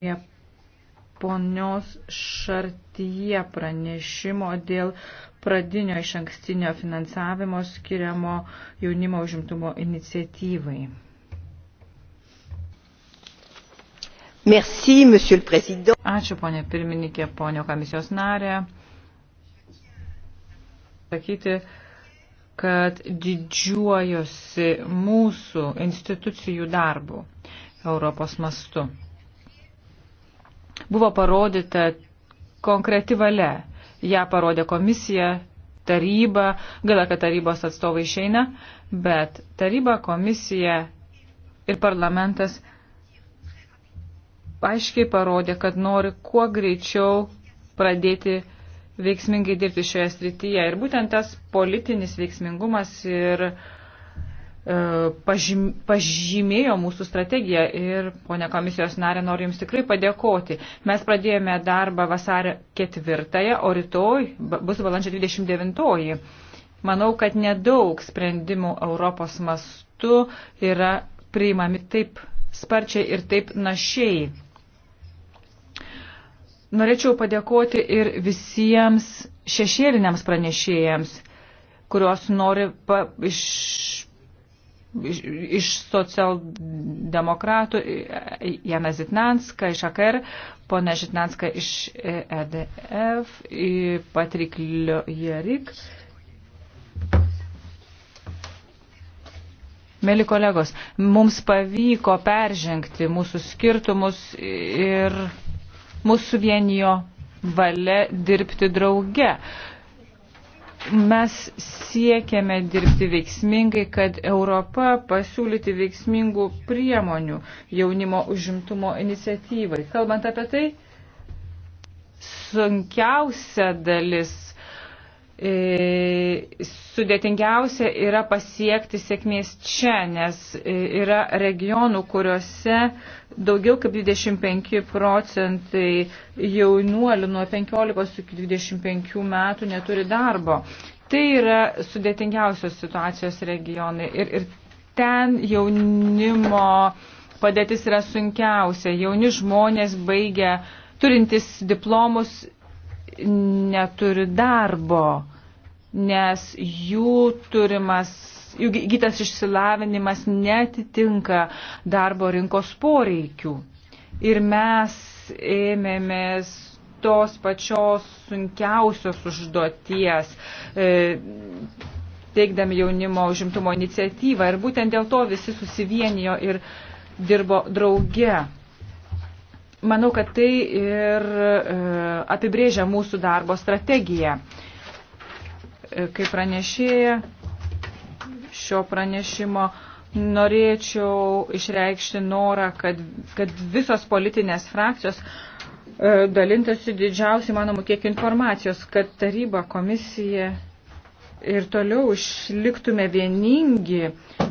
prie ponios Šartyje pranešimo dėl pradinio iš ankstinio finansavimo skiriamo jaunimo užimtumo iniciatyvai. Merci, monsieur le président. Ačiū, ponė pirmininkė, ponio komisijos narė. Sakyti, kad didžiuojosi mūsų institucijų darbų Europos mastu. Buvo parodyta konkreti valia. Ja parodė komisija, taryba, gala, kad tarybos atstovai išeina, bet taryba, komisija ir parlamentas aiškiai parodė, kad nori kuo greičiau pradėti veiksmingai dirbti šioje srityje. Ir būtent tas politinis veiksmingumas ir uh, E, pažymėjo mūsų strategiją ir, ponė komisijos narė, noriu Jums tikrai padėkoti. Mes pradėjome darbą vasario ketvirtąją, o rytoj bus balandžio 29-oji. Manau, kad nedaug sprendimų Europos mastu yra priimami taip sparčiai ir taip našiai. Norėčiau padėkoti ir visiems šešėliniams pranešėjams, kurios nori pa, iš, iš, iš socialdemokratų e, Jana Zitnanska iš AKR, pona Zitnanska iš EDF, Patrik Jerik. Mėly kolegos, mums pavyko peržengti mūsų skirtumus ir mūsų vienijo valia dirbti drauge. Mes siekiame dirbti veiksmingai, kad Europa pasiūlyti veiksmingų priemonių jaunimo užimtumo iniciatyvai. Kalbant apie tai, sunkiausia dalis E, sudėtingiausia yra pasiekti sėkmės čia, nes e, yra regionų, kuriuose daugiau kaip 25 procentai jaunuolių nuo 15 iki 25 metų neturi darbo. Tai yra sudėtingiausios situacijos regionai ir, ir ten jaunimo padėtis yra sunkiausia. Jauni žmonės baigia turintis diplomus neturi darbo, nes jų turimas, jų gytas išsilavinimas netitinka darbo rinkos poreikių. Ir mes ėmėmės tos pačios sunkiausios užduoties. E, teikdami jaunimo užimtumo iniciatyvą. Ir būtent dėl to visi susivienijo ir dirbo drauge. Manau, kad tai ir e, apibrėžia mūsų darbo strategiją. E, kaip pranešėja šio pranešimo norėčiau išreikšti norą, kad, kad visos politinės frakcijos e, dalintasi didžiausiai manomų kiek informacijos, kad taryba, komisija ir toliau išliktume vieningi,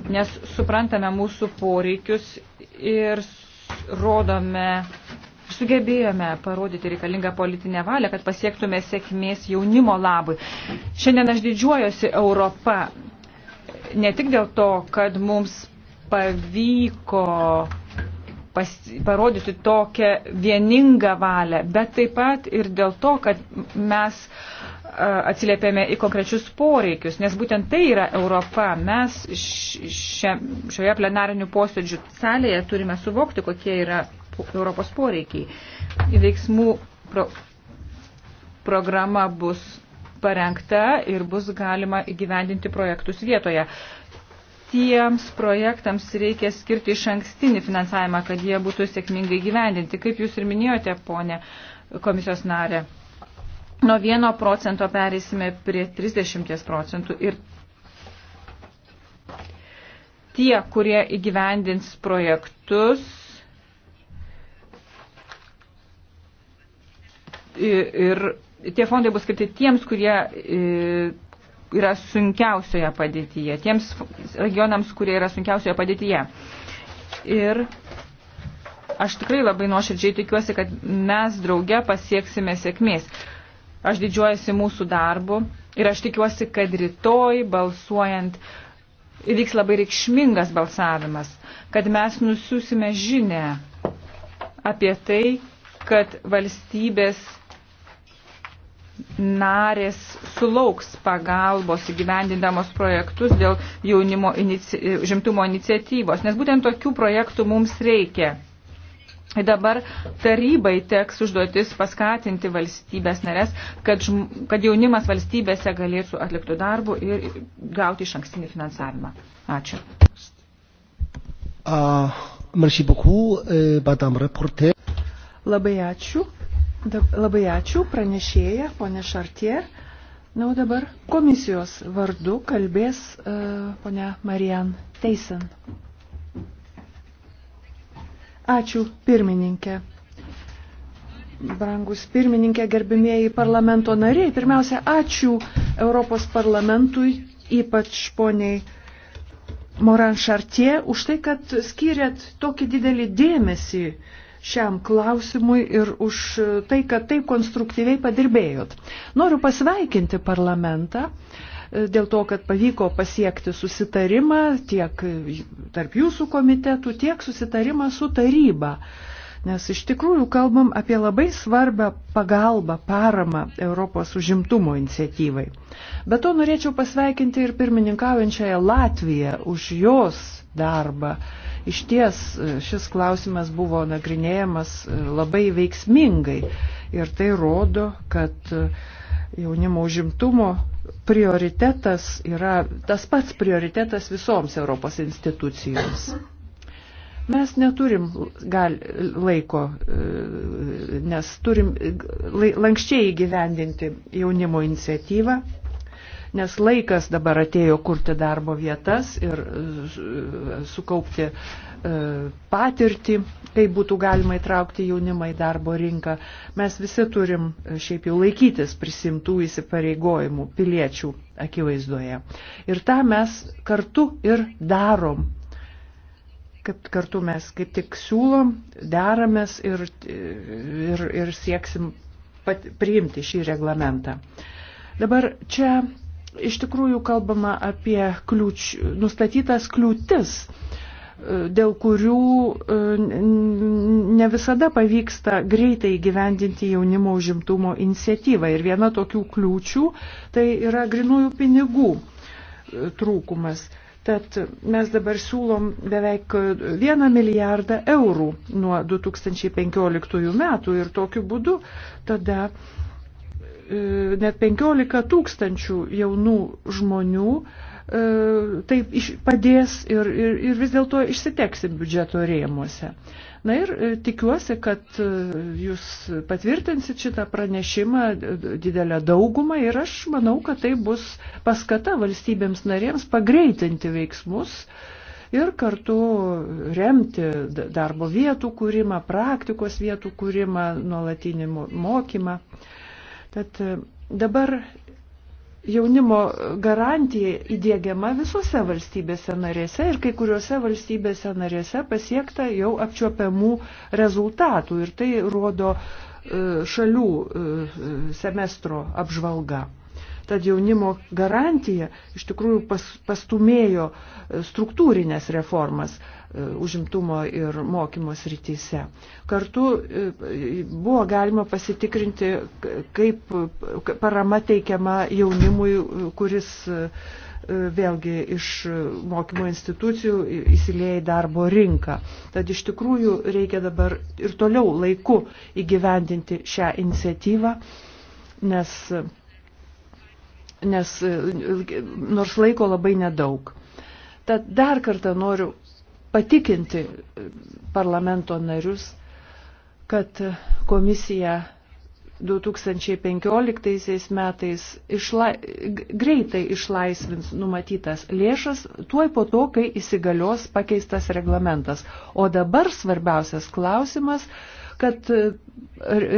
nes suprantame mūsų poreikius ir rodome, sugebėjome parodyti reikalingą politinę valią, kad pasiektume sėkmės jaunimo labui. Šiandien aš didžiuojosi Europą ne tik dėl to, kad mums pavyko pas, parodyti tokią vieningą valią, bet taip pat ir dėl to, kad mes uh, atsiliepėme į konkrečius poreikius, nes būtent tai yra Europa. Mes šia, šioje plenarinių posėdžių salėje turime suvokti, kokie yra Europos poreikiai. Veiksmų pro, programa bus parengta ir bus galima įgyvendinti projektus vietoje. Tiems projektams reikia skirti iš ankstinį finansavimą, kad jie būtų sėkmingai gyvendinti, kaip jūs ir minėjote, ponė komisijos narė nuo 1 procento pereisime prie 30 procentų ir tie, kurie įgyvendins projektus, ir tie fondai bus skirti tiems, kurie yra sunkiausioje padėtyje, tiems regionams, kurie yra sunkiausioje padėtyje. Ir aš tikrai labai nuoširdžiai tikiuosi, kad mes drauge pasieksime sėkmės. Aš didžiuojasi mūsų darbu ir aš tikiuosi, kad rytoj balsuojant įvyks labai reikšmingas balsavimas, kad mes nusiusime žinę apie tai, kad valstybės narės sulauks pagalbos įgyvendindamos projektus dėl jaunimo inici žimtumo iniciatyvos, nes būtent tokių projektų mums reikia. Dabar tarybai teks užduotis paskatinti valstybės narės, kad, žm, kad jaunimas valstybėse galėtų atlikti darbų ir gauti iš ankstinį finansavimą. Ačiū. Uh, beaucoup, eh, labai ačiū. Da, labai ačiū pranešėja, ponė Šartie. Na, o dabar komisijos vardu kalbės uh, ponė Marian Teisen. Ačiū pirmininkė. Brangus pirmininkė, gerbimieji parlamento nariai, pirmiausia, ačiū Europos parlamentui, ypač poniai Moran Šartie, už tai, kad skiriat tokį didelį dėmesį šiam klausimui ir už tai, kad taip konstruktyviai padirbėjot. Noriu pasveikinti parlamentą dėl to, kad pavyko pasiekti susitarimą tiek tarp jūsų komitetų, tiek susitarimą su taryba. Nes iš tikrųjų kalbam apie labai svarbę pagalbą, paramą Europos užimtumo iniciatyvai. Be to norėčiau pasveikinti ir pirmininkaujančiąją Latviją už jos darbą. Iš ties e, šis klausimas buvo nagrinėjamas e, labai veiksmingai ir tai rodo, kad e, jaunimo užimtumo prioritetas yra tas pats prioritetas visoms Europos institucijoms. Mes neturim gal, laiko, e, nes turim e, lankščiai įgyvendinti jaunimo iniciatyvą, nes laikas dabar atėjo kurti darbo vietas ir e, sukaupti E, patirtį, kaip būtų galima įtraukti jaunimą į darbo rinką. Mes visi turim e, šiaip jau laikytis prisimtų įsipareigojimų piliečių akivaizdoje. Ir tą mes kartu ir darom. Kad kartu mes kaip tik siūlom, deramės ir, ir, ir sieksim pat, priimti šį reglamentą. Dabar čia iš tikrųjų kalbama apie kliūč, nustatytas kliūtis dėl kurių e, ne visada pavyksta greitai gyvendinti jaunimo užimtumo iniciatyvą. Ir viena tokių kliūčių tai yra grinųjų pinigų e, trūkumas. Tad mes dabar siūlom beveik 1 milijardą eurų nuo 2015 metų ir tokiu būdu tada e, net 15 tūkstančių jaunų žmonių uh, E, taip padės ir, ir, ir vis dėlto išsiteksim biudžeto rėmuose. Na ir e, tikiuosi, kad e, jūs patvirtinsit šitą pranešimą didelę daugumą ir aš manau, kad tai bus paskata valstybėms narėms pagreitinti veiksmus ir kartu remti darbo vietų kūrimą, praktikos vietų kūrimą, nuolatinį mokymą. Tad dabar jaunimo garantija įdėgiama visose valstybėse narėse ir kai kuriuose valstybėse narėse pasiekta jau apčiuopiamų rezultatų ir tai rodo e, šalių e, semestro apžvalga. Tad jaunimo garantija iš tikrųjų pas, pastumėjo e, struktūrinės reformas e, užimtumo ir mokymo srityse. Kartu e, buvo galima pasitikrinti, kaip parama teikiama jaunimui, kuris vėlgi iš mokymo institucijų įsilieja į darbo rinką. Tad iš tikrųjų reikia dabar ir toliau laiku įgyvendinti šią iniciatyvą, nes nes e, nors laiko labai nedaug. Tad dar kartą noriu patikinti e, parlamento narius, kad e, komisija 2015 metais išla, greitai išlaisvins numatytas lėšas tuoj po to, kai įsigalios pakeistas reglamentas. O dabar svarbiausias klausimas kad e,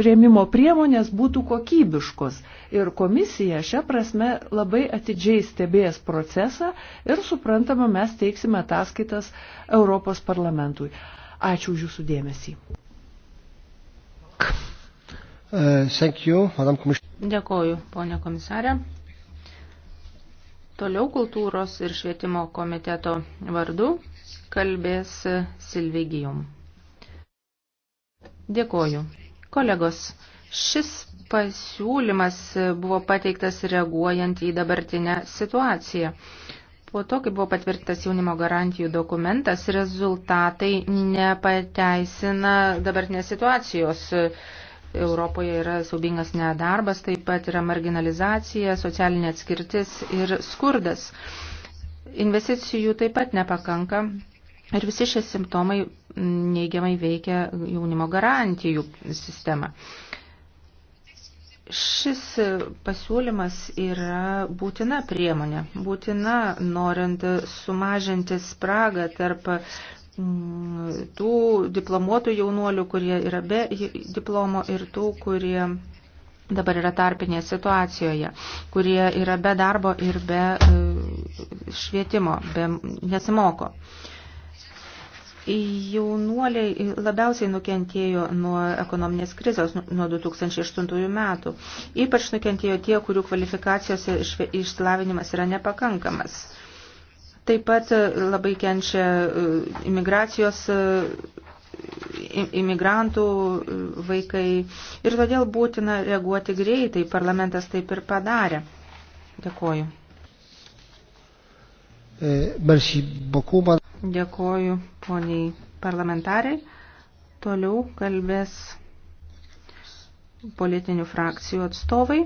rėmimo priemonės būtų kokybiškos. Ir komisija šią prasme labai atidžiai stebės procesą ir suprantama, mes teiksime ataskaitas Europos parlamentui. Ačiū už Jūsų dėmesį. Uh, you, Dėkoju, ponė komisarė. Toliau kultūros ir švietimo komiteto vardu kalbės Silvigijum. Dėkoju. Kolegos, šis pasiūlymas buvo pateiktas reaguojant į dabartinę situaciją. Po to, kai buvo patvirtintas jaunimo garantijų dokumentas, rezultatai nepateisina dabartinės situacijos. Europoje yra saubingas nedarbas, taip pat yra marginalizacija, socialinė atskirtis ir skurdas. Investicijų taip pat nepakanka, Ir visi šie simptomai neigiamai veikia jaunimo garantijų sistemą. Šis pasiūlymas yra būtina priemonė, būtina norint sumažinti spragą tarp tų diplomuotų jaunuolių, kurie yra be diplomo ir tų, kurie dabar yra tarpinėje situacijoje, kurie yra be darbo ir be e, švietimo, be nesimoko. Jaunuoliai labiausiai nukentėjo nuo ekonominės krizės nu, nuo 2008 metų. Ypač nukentėjo tie, kurių kvalifikacijos išsilavinimas yra nepakankamas. Taip pat e, labai kenčia e, imigracijos e, imigrantų vaikai ir todėl būtina reaguoti greitai. Parlamentas taip ir padarė. Dėkoju. Merci beaucoup, Dėkoju poniai parlamentariai. Toliau kalbės politinių frakcijų atstovai.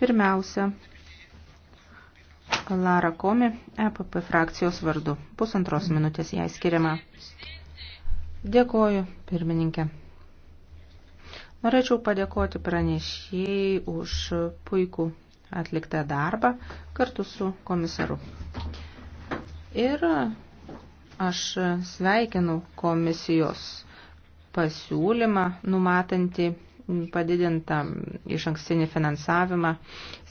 Pirmiausia, Lara Komi, EPP frakcijos vardu. Pusantros minutės jai skiriama. Dėkoju, pirmininkė. Norėčiau padėkoti pranešėjai už puikų atliktą darbą kartu su komisaru. Ir aš sveikinu komisijos pasiūlymą numatantį padidintą iš ankstinį finansavimą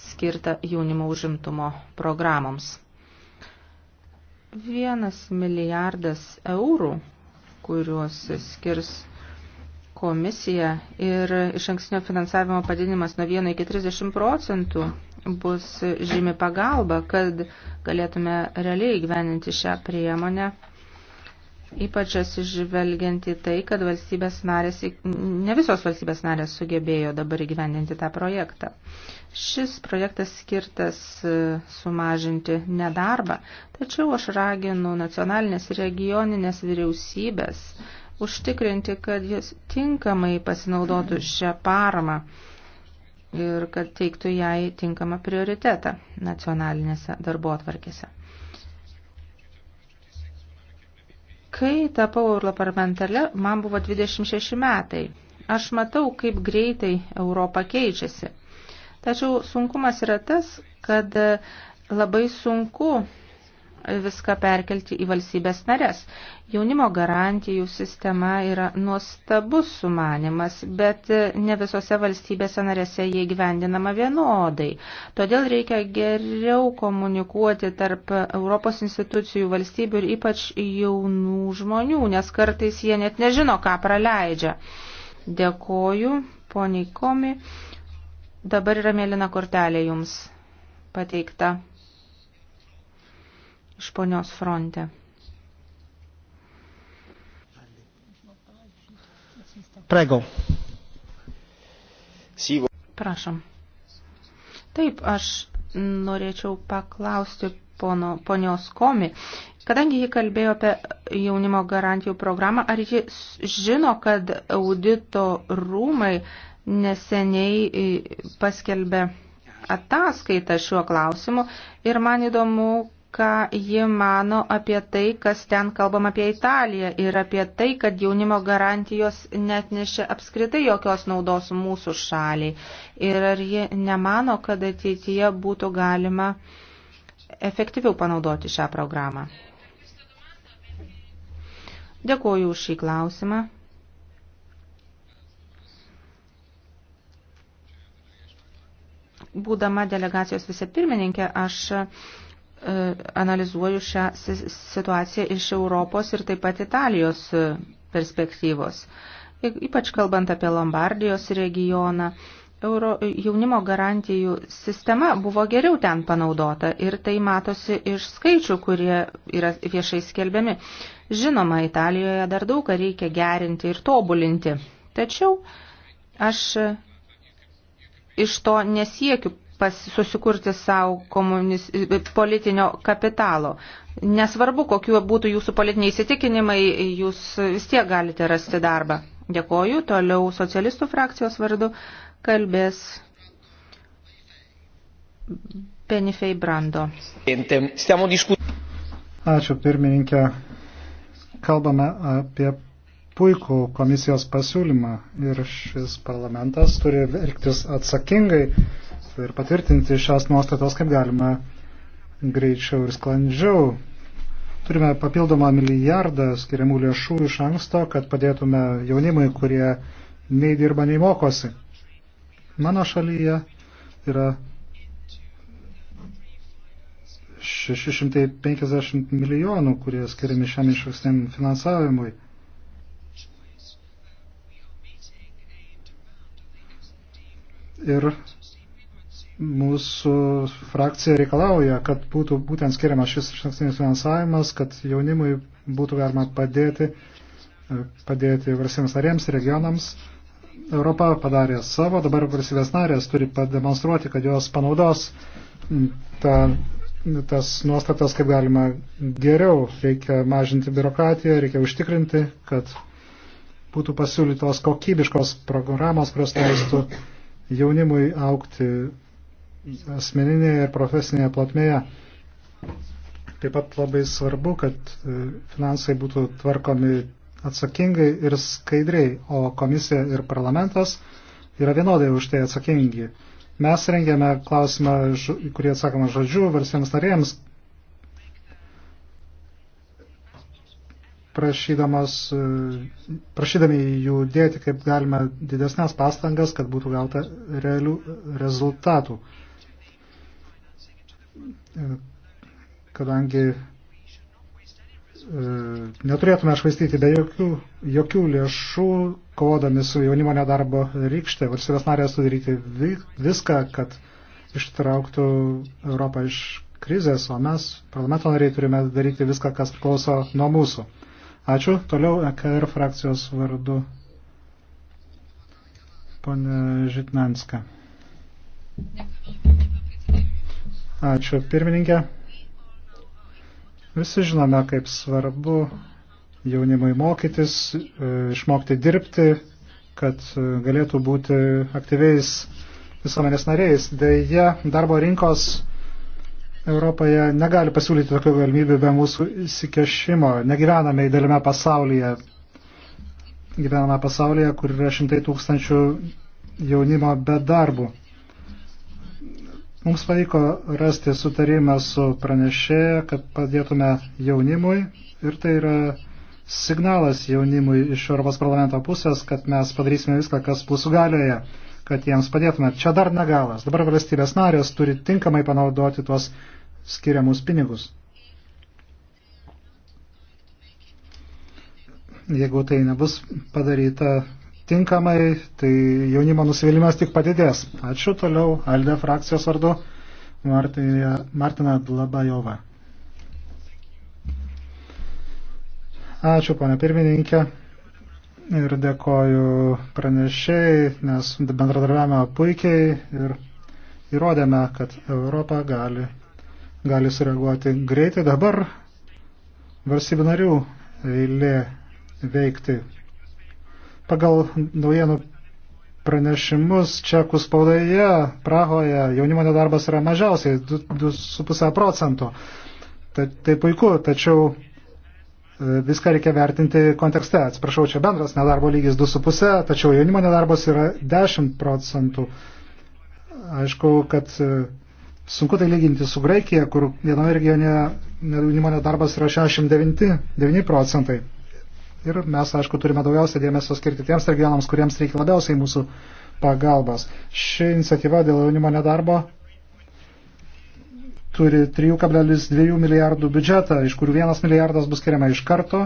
skirtą jaunimo užimtumo programoms. Vienas milijardas eurų, kuriuos skirs komisija ir iš ankstinio finansavimo padidinimas nuo 1 iki 30 procentų bus žymi pagalba, kad galėtume realiai gyveninti šią priemonę, ypač atsižvelgiant į tai, kad valstybės narės, ne visos valstybės narės sugebėjo dabar gyveninti tą projektą. Šis projektas skirtas e, sumažinti nedarbą, tačiau aš raginu nacionalinės ir regioninės vyriausybės užtikrinti, kad jis tinkamai pasinaudotų šią paramą ir kad teiktų jai tinkamą prioritetą nacionalinėse darbo atvarkėse. Kai tapau europarlamentare, man buvo 26 metai. Aš matau, kaip greitai Europa keičiasi. Tačiau sunkumas yra tas, kad labai sunku viską perkelti į valstybės narės. Jaunimo garantijų sistema yra nuostabus sumanimas, bet ne visose valstybėse narėse jie gyvendinama vienodai. Todėl reikia geriau komunikuoti tarp Europos institucijų valstybių ir ypač jaunų žmonių, nes kartais jie net nežino, ką praleidžia. Dėkoju, poniai Komi. Dabar yra mėlyna kortelė jums pateikta iš ponios fronte. Prego. Prašom. Taip, aš norėčiau paklausti pono, ponios Komi, kadangi ji kalbėjo apie jaunimo garantijų programą, ar ji žino, kad audito rūmai neseniai e, paskelbė ataskaitą šiuo klausimu ir man įdomu, ką ji mano apie tai, kas ten kalbam apie Italiją ir apie tai, kad jaunimo garantijos net nešia apskritai jokios naudos mūsų šaliai. Ir ar ji nemano, kad ateityje būtų galima efektyviau panaudoti šią programą. Dėkuoju už šį klausimą. Būdama delegacijos vicepirmininkė, aš E, analizuoju šią situaciją iš Europos ir taip pat Italijos e, perspektyvos. Ypač kalbant apie Lombardijos regioną, euro jaunimo garantijų sistema buvo geriau ten panaudota ir tai matosi iš skaičių, kurie yra viešai skelbiami. Žinoma, Italijoje dar daug ką reikia gerinti ir tobulinti. Tačiau aš iš to nesiekiu susikurti savo komunis, politinio kapitalo. Nesvarbu, kokiu būtų jūsų politiniai įsitikinimai, jūs vis tiek galite rasti darbą. Dėkoju. Toliau socialistų frakcijos vardu kalbės Benifei Brando. Ačiū pirmininkė. Kalbame apie puikų komisijos pasiūlymą ir šis parlamentas turi elgtis atsakingai ir patvirtinti šias nuostatas kaip galima greičiau ir sklandžiau. Turime papildomą milijardą skiriamų lėšų iš anksto, kad padėtume jaunimui, kurie nei dirba, nei mokosi. Mano šalyje yra 650 milijonų, kurie skiriami šiam išvestiniam finansavimui. Ir mūsų frakcija reikalauja, kad būtų būtent skiriamas šis išankstinis finansavimas, kad jaunimui būtų galima padėti, e, padėti valstybėms narėms, regionams. Europa padarė savo, dabar valstybės narės turi pademonstruoti, kad jos panaudos ta, tas nuostatas kaip galima geriau. Reikia mažinti biurokratiją, reikia užtikrinti, kad būtų pasiūlytos kokybiškos programos, kurios leistų jaunimui aukti asmeninėje ir profesinėje plotmėje. Taip pat labai svarbu, kad e, finansai būtų tvarkomi atsakingai ir skaidriai, o komisija ir parlamentas yra vienodai už tai atsakingi. Mes rengėme klausimą, kurį atsakoma žodžiu valstybėms narėjams, e, prašydami jų dėti kaip galima didesnės pastangas, kad būtų gauta realių rezultatų kadangi e, neturėtume švaistyti be jokių, jokių lėšų, kovodami su jaunimo nedarbo rykšte. Valstybės narės turi daryti viską, kad ištrauktų Europą iš krizės, o mes, parlamento nariai, turime daryti viską, kas priklauso nuo mūsų. Ačiū. Toliau EKR frakcijos vardu. Pone Žitnanska. Dėkui. Ačiū pirmininkė. Visi žinome, kaip svarbu jaunimui mokytis, e, išmokti dirbti, kad e, galėtų būti aktyviais visuomenės nariais. Deja, darbo rinkos Europoje negali pasiūlyti tokių galimybių be mūsų įsikešimo. Negyvename įdėlėme pasaulyje. Gyvename pasaulyje, kur yra šimtai tūkstančių jaunimo be darbų. Mums pavyko rasti sutarimą su pranešėja, kad padėtume jaunimui ir tai yra signalas jaunimui iš Europos parlamento pusės, kad mes padarysime viską, kas mūsų galioje, kad jiems padėtume. Čia dar negalas. Dabar valstybės narės turi tinkamai panaudoti tuos skiriamus pinigus. Jeigu tai nebus padaryta, tinkamai, tai jaunimo nusivylimas tik padidės. Ačiū toliau Alde frakcijos vardu Martina, Martina Dlabajova. Ačiū, ponė pirmininkė. Ir dėkoju pranešėjai, nes bendradarbiavome puikiai ir įrodėme, kad Europa gali, gali sureaguoti greitai. Dabar valstybių narių eilė veikti Pagal naujienų pranešimus čekų spaudoje Prahoje jaunimo nedarbas yra mažiausiai 2,5 procento. Tai, tai puiku, tačiau e, viską reikia vertinti kontekste. Atsiprašau, čia bendras nedarbo lygis 2,5, tačiau jaunimo nedarbas yra 10 procentų. Aišku, kad e, sunku tai lyginti su Graikija, kur vienoje regione jaunimo nedarbas yra 69 procentai. Ir mes, aišku, turime daugiausia dėmesio skirti tiems regionams, kuriems reikia labiausiai mūsų pagalbos. Ši iniciatyva dėl jaunimo nedarbo turi 3,2 milijardų biudžetą, iš kurių 1 milijardas bus skiriama iš karto,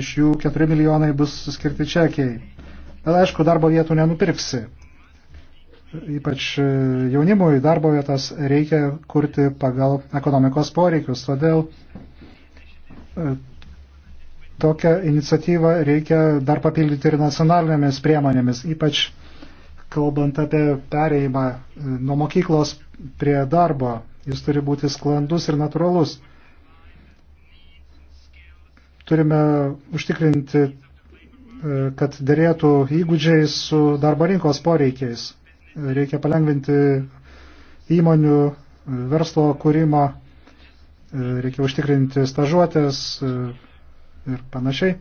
iš jų 4 milijonai bus skirti čekiai. Bet aišku, darbo vietų nenupirksi. Ypač e, jaunimui darbo vietas reikia kurti pagal ekonomikos poreikius. Todėl e, Tokią iniciatyvą reikia dar papildyti ir nacionalinėmis priemonėmis, ypač kalbant apie pereimą e, nuo mokyklos prie darbo. Jis turi būti sklandus ir natūralus. Turime užtikrinti, e, kad dėrėtų įgūdžiai su darbo rinkos poreikiais. Reikia palengvinti įmonių e, verslo kūrimo, reikia užtikrinti stažuotės, ir panašiai.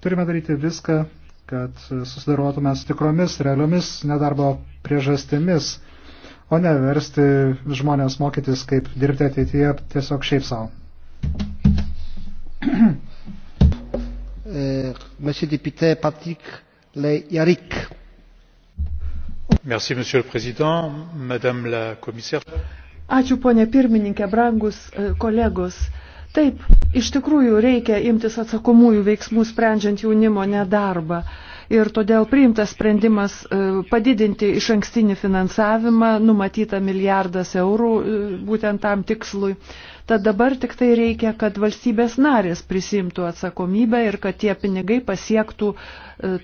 Turime daryti viską, kad susidarotume su tikromis, realiomis nedarbo priežastimis, o ne versti žmonės mokytis, kaip dirbti ateityje tiesiog šiaip savo. Eh, monsieur député Patrick Le Yarik. Merci, Monsieur le Président, Madame la Commissaire. Ačiū, ponė pirmininkė, brangus eh, kolegos. Taip, iš tikrųjų reikia imtis atsakomųjų veiksmų sprendžiant jaunimo nedarbą. Ir todėl priimtas sprendimas e, padidinti iš ankstinį finansavimą, numatyta milijardas eurų e, būtent tam tikslui. Tad dabar tik tai reikia, kad valstybės narės prisimtų atsakomybę ir kad tie pinigai pasiektų e,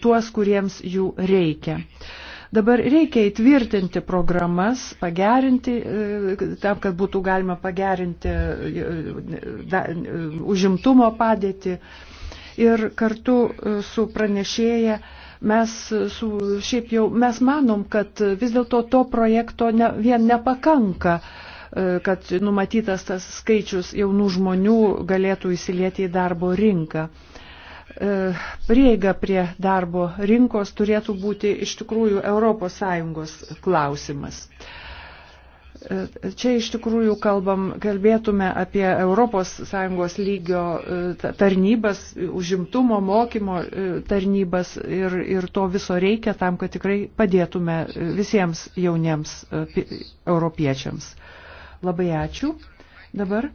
tuos, kuriems jų reikia. Dabar reikia įtvirtinti programas, pagerinti, e, tam, kad būtų galima pagerinti e, e, užimtumo padėtį. Ir kartu su pranešėja mes su, šiaip jau mes manom, kad vis dėlto to projekto ne, vien nepakanka kad numatytas tas skaičius jaunų žmonių galėtų įsilieti į darbo rinką. E, prieiga prie darbo rinkos turėtų būti iš tikrųjų ES klausimas. E, čia iš tikrųjų kalbam, kalbėtume apie ES lygio e, tarnybas, užimtumo, mokymo tarnybas ir, ir to viso reikia tam, kad tikrai padėtume visiems jauniems europiečiams. Labai ačiū. Dabar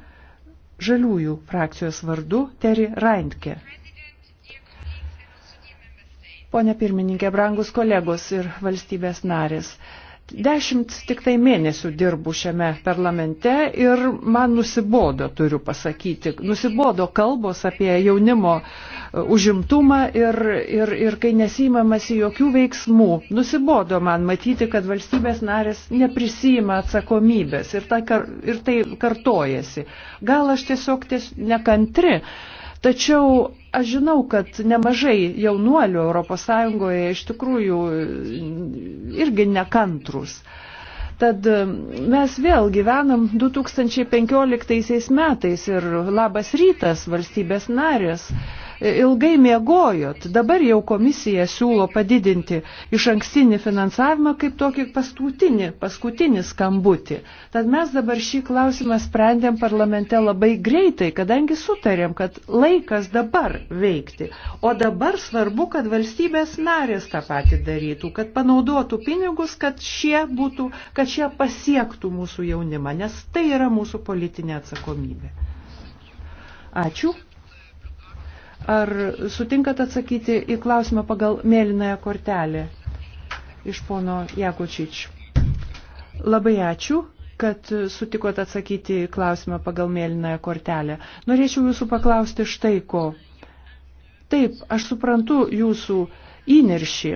žaliųjų frakcijos vardu Teri Raintke. Pone pirmininkė, brangus kolegos ir valstybės narės. Dešimt tik tai mėnesių dirbu šiame parlamente ir man nusibodo, turiu pasakyti, nusibodo kalbos apie jaunimo e, užimtumą ir, ir, ir kai nesimamasi jokių veiksmų, nusibodo man matyti, kad valstybės narės neprisima atsakomybės ir, ta, ir tai kartojasi. Gal aš tiesiog ties, nekantri, tačiau Aš žinau, kad nemažai jaunuolių ES iš tikrųjų irgi nekantrus. Tad um, mes vėl gyvenam 2015 metais ir labas rytas valstybės narės ilgai mėgojot. Dabar jau komisija siūlo padidinti iš ankstinį finansavimą kaip tokį paskutinį, paskutinį skambutį. Tad mes dabar šį klausimą sprendėm parlamente labai greitai, kadangi sutarėm, kad laikas dabar veikti. O dabar svarbu, kad valstybės narės tą patį darytų, kad panaudotų pinigus, kad šie būtų, kad šie pasiektų mūsų jaunimą, nes tai yra mūsų politinė atsakomybė. Ačiū. Ar sutinkat atsakyti į klausimą pagal mėlynąją kortelę iš pono Jakučič? Labai ačiū kad sutikot atsakyti į klausimą pagal mėlynąją kortelę. Norėčiau jūsų paklausti štai ko. Taip, aš suprantu jūsų įniršį.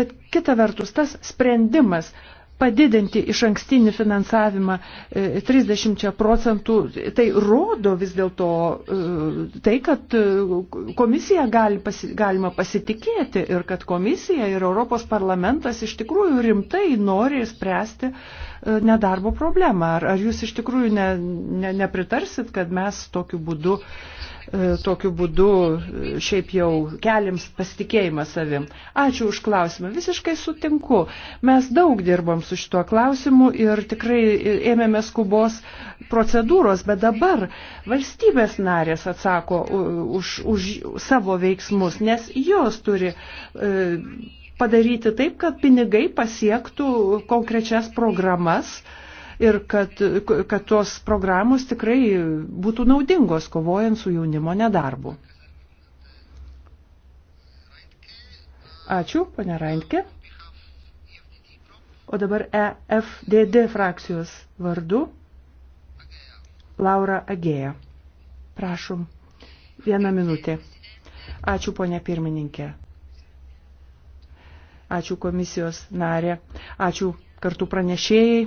Bet kita vertus, tas sprendimas, padidinti iš ankstinį finansavimą 30 e, procentų, tai rodo vis dėlto e, tai, kad e, komisija gali pasi, galima pasitikėti ir kad komisija ir Europos parlamentas iš tikrųjų rimtai nori spręsti nedarbo problemą. Ar, ar jūs iš tikrųjų ne, ne, nepritarsit, kad mes tokiu būdu uh, E, tokiu būdu e, šiaip jau keliams pasitikėjimą savim. Ačiū už klausimą. Visiškai sutinku. Mes daug dirbom su šituo klausimu ir tikrai ėmėme skubos procedūros, bet dabar valstybės narės atsako už, už savo veiksmus, nes jos turi. E, padaryti taip, kad pinigai pasiektų konkrečias programas, ir kad, kad tos programos tikrai būtų naudingos kovojant su jaunimo nedarbu. Ačiū, ponia Raintke. O dabar EFDD frakcijos vardu Laura Agėja. Prašom, vieną minutę. Ačiū, ponia pirmininkė. Ačiū komisijos narė. Ačiū kartu pranešėjai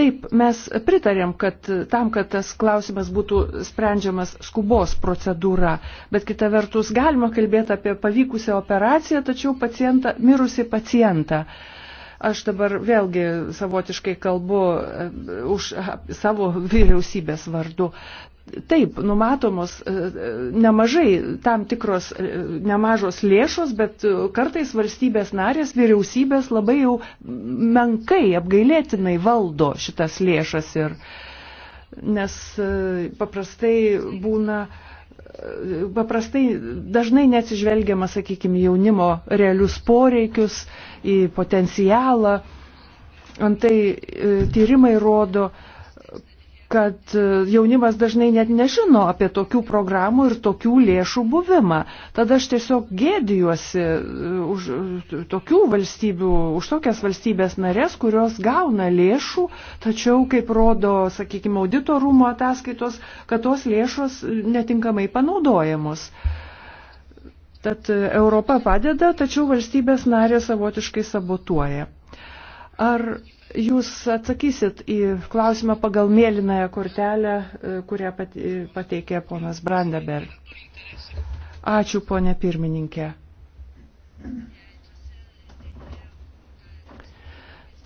Taip, mes pritarėm, kad tam, kad tas klausimas būtų sprendžiamas skubos procedūra, bet kita vertus galima kalbėti apie pavykusią operaciją, tačiau pacientą, mirusi pacientą. Aš dabar vėlgi savotiškai kalbu e, už savo vyriausybės vardu, Taip, numatomos e, e, nemažai tam tikros e, nemažos lėšos, bet kartais valstybės narės, vyriausybės labai jau menkai apgailėtinai valdo šitas lėšas ir nes paprastai būna paprastai dažnai neatsižvelgiama, sakykime, jaunimo realius poreikius, į potencialą. Antai tyrimai rodo, kad e, jaunimas dažnai net nežino apie tokių programų ir tokių lėšų buvimą. Tada aš tiesiog gėdijuosi e, už e, tokių valstybių, už tokias valstybės narės, kurios gauna lėšų, tačiau, kaip rodo, sakykime, auditorumo ataskaitos, kad tos lėšos netinkamai panaudojamos. Tad Europa padeda, tačiau valstybės narė savotiškai sabotuoja. Ar Jūs atsakysit į klausimą pagal mėlynąją kortelę, e, kurią e, pateikė ponas Brandeber. Ačiū, ponė pirmininkė.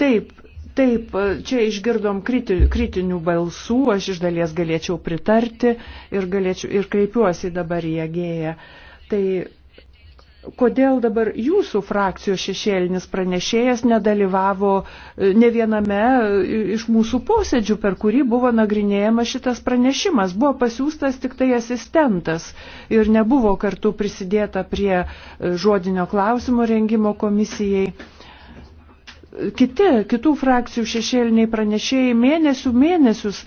Taip, taip, čia išgirdom kriti, kritinių balsų, aš iš dalies galėčiau pritarti ir, galėčiau, ir kreipiuosi dabar į Agėją. Tai kodėl dabar jūsų frakcijos šešėlinis pranešėjas nedalyvavo e, ne viename e, iš mūsų posėdžių, per kurį buvo nagrinėjama šitas pranešimas. Buvo pasiūstas tik tai asistentas ir nebuvo kartu prisidėta prie e, žodinio klausimo rengimo komisijai kiti, kitų frakcijų šešėliniai pranešėjai mėnesių mėnesius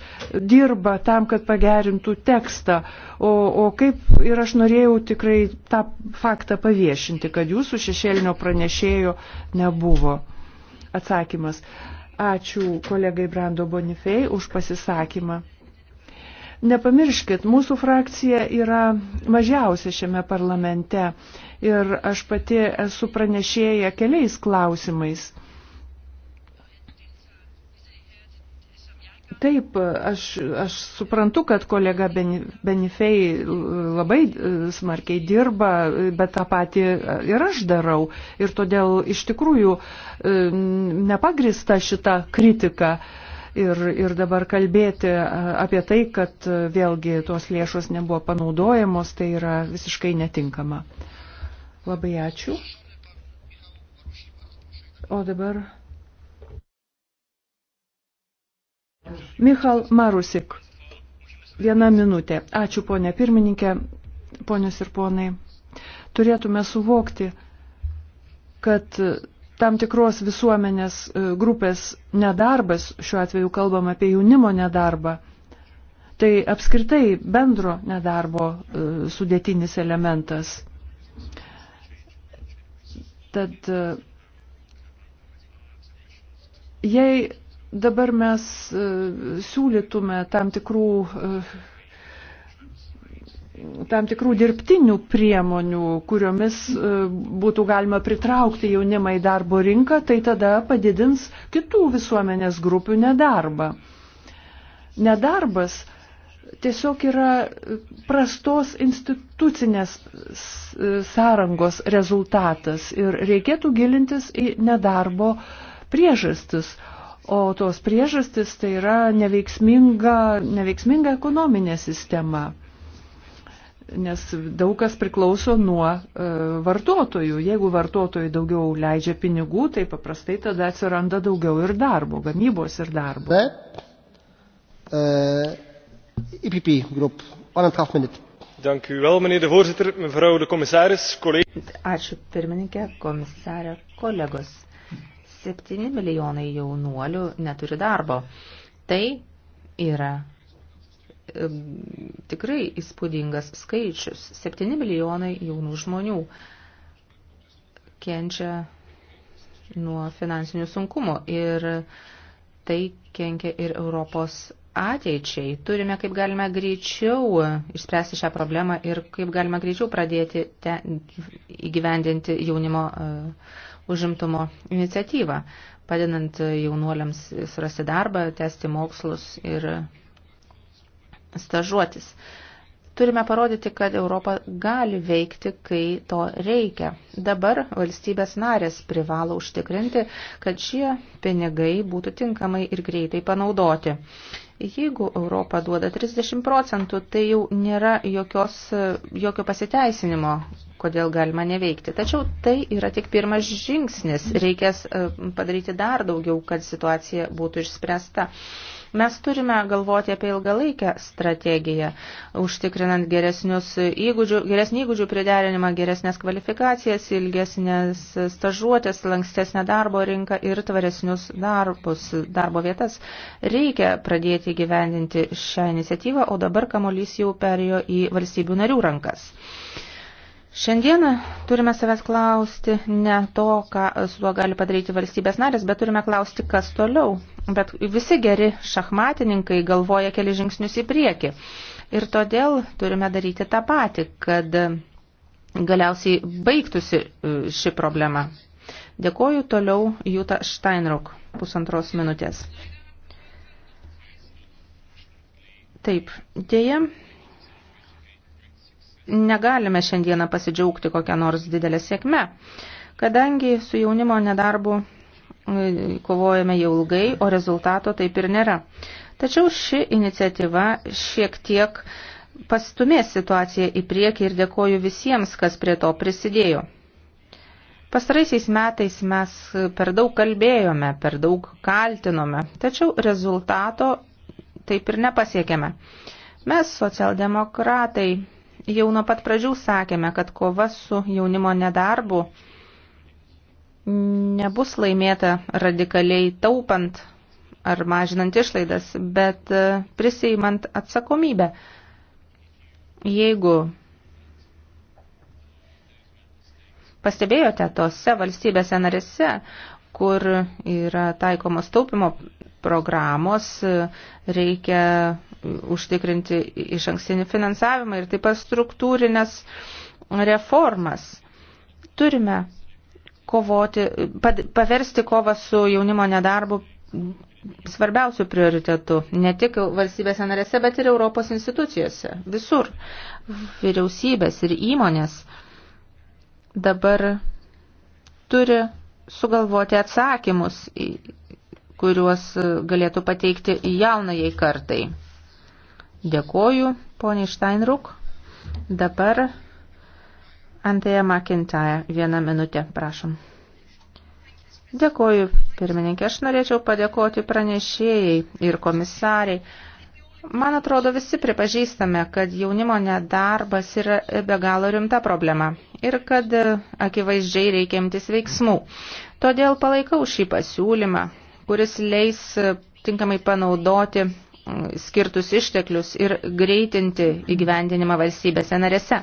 dirba tam, kad pagerintų tekstą. O, o kaip ir aš norėjau tikrai tą faktą paviešinti, kad jūsų šešėlinio pranešėjo nebuvo. Atsakymas. Ačiū kolegai Brando Bonifei už pasisakymą. Nepamirškit, mūsų frakcija yra mažiausia šiame parlamente ir aš pati esu pranešėja keliais klausimais. Taip, aš, aš suprantu, kad kolega Benifei e, labai e, smarkiai dirba, bet tą patį e, ir aš darau. Ir todėl iš tikrųjų nepagrista šita kritika. Ir, ir dabar kalbėti apie tai, kad vėlgi tuos lėšos nebuvo panaudojamos, tai yra visiškai netinkama. Labai ačiū. O dabar Michal Marusik. Viena minutė. Ačiū, ponė pirmininkė, ponios ir ponai. Turėtume suvokti, kad tam tikros visuomenės e, grupės nedarbas, šiuo atveju kalbam apie jaunimo nedarbą, tai apskritai bendro nedarbo e, sudėtinis elementas. Tad e, jei dabar mes e, siūlytume tam tikrų e, tam tikrų dirbtinių priemonių, kuriomis e, būtų galima pritraukti jaunimą į darbo rinką, tai tada padidins kitų visuomenės grupių nedarbą. Nedarbas tiesiog yra prastos institucinės sąrangos rezultatas ir reikėtų gilintis į nedarbo priežastis, O tos priežastis tai yra neveiksminga, neveiksminga ekonominė sistema. Nes daug kas priklauso nuo e, vartotojų. Jeigu vartotojai daugiau leidžia pinigų, tai paprastai tada atsiranda daugiau ir darbo, gamybos ir darbo. Be, uh, e, IPP e Group, 1,5 minutė. Dank u wel, meneer de voorzitter, mevrouw de commissaris, collega's. Ačiū pirmininkė, komisarė, kolegos. 7 milijonai jaunuolių neturi darbo. Tai yra e, tikrai įspūdingas skaičius. 7 milijonai jaunų žmonių kenčia nuo finansinių sunkumų ir tai kenkia ir Europos ateičiai. Turime kaip galime greičiau išspręsti šią problemą ir kaip galime greičiau pradėti te, įgyvendinti jaunimo uh, užimtumo iniciatyvą, padedant jaunuoliams surasti darbą, tęsti mokslus ir stažuotis. Turime parodyti, kad Europa gali veikti, kai to reikia. Dabar valstybės narės privalo užtikrinti, kad šie pinigai būtų tinkamai ir greitai panaudoti. Jeigu Europa duoda 30 procentų, tai jau nėra jokios, jokio pasiteisinimo, kodėl galima neveikti. Tačiau tai yra tik pirmas žingsnis. Reikės e, padaryti dar daugiau, kad situacija būtų išspręsta. Mes turime galvoti apie ilgalaikę strategiją, užtikrinant geresnius įgūdžių, geresnį įgūdžių priderinimą, geresnės kvalifikacijas, ilgesnės stažuotės, lankstesnę darbo rinką ir tvaresnius darbus, darbo vietas. Reikia pradėti gyvendinti šią iniciatyvą, o dabar kamolys jau perėjo į valstybių narių rankas. Šiandieną turime savęs klausti ne to, ką su tuo gali padaryti valstybės narės, bet turime klausti, kas toliau. Bet visi geri šachmatininkai galvoja keli žingsnius į priekį. Ir todėl turime daryti tą patį, kad galiausiai baigtųsi e, ši problema. Dėkoju toliau Jūta Steinruk, pusantros minutės. Taip, dėja, negalime šiandieną pasidžiaugti kokią nors didelę sėkmę, kadangi su jaunimo nedarbu e, kovojame jau ilgai, o rezultato taip ir nėra. Tačiau ši iniciatyva šiek tiek pastumės situaciją į priekį ir dėkoju visiems, kas prie to prisidėjo. Pastaraisiais metais mes per daug kalbėjome, per daug kaltinome, tačiau rezultato taip ir nepasiekėme. Mes, socialdemokratai, Jau nuo pat pradžių sakėme, kad kova su jaunimo nedarbu nebus laimėta radikaliai taupant ar mažinant išlaidas, bet e, prisijimant atsakomybę. Jeigu pastebėjote tose valstybėse narėse, kur yra taikomos taupimo programos, e, reikia užtikrinti iš ankstinį finansavimą ir taip pat struktūrinės reformas. Turime kovoti, paversti kovą su jaunimo nedarbu svarbiausių prioritetų, ne tik valstybėse narėse, bet ir Europos institucijose, visur, vyriausybės ir įmonės dabar turi sugalvoti atsakymus, kuriuos galėtų pateikti jaunajai kartai. Dėkoju, poniai Steinruk. Dabar Antėja McIntyre. Vieną minutę, prašom. Dėkoju, pirmininkė. Aš norėčiau padėkoti pranešėjai ir komisariai. Man atrodo, visi pripažįstame, kad jaunimo nedarbas yra be galo rimta problema ir kad akivaizdžiai reikiamtis veiksmų. Todėl palaikau šį pasiūlymą, kuris leis tinkamai panaudoti skirtus išteklius ir greitinti įgyvendinimą valstybėse narėse.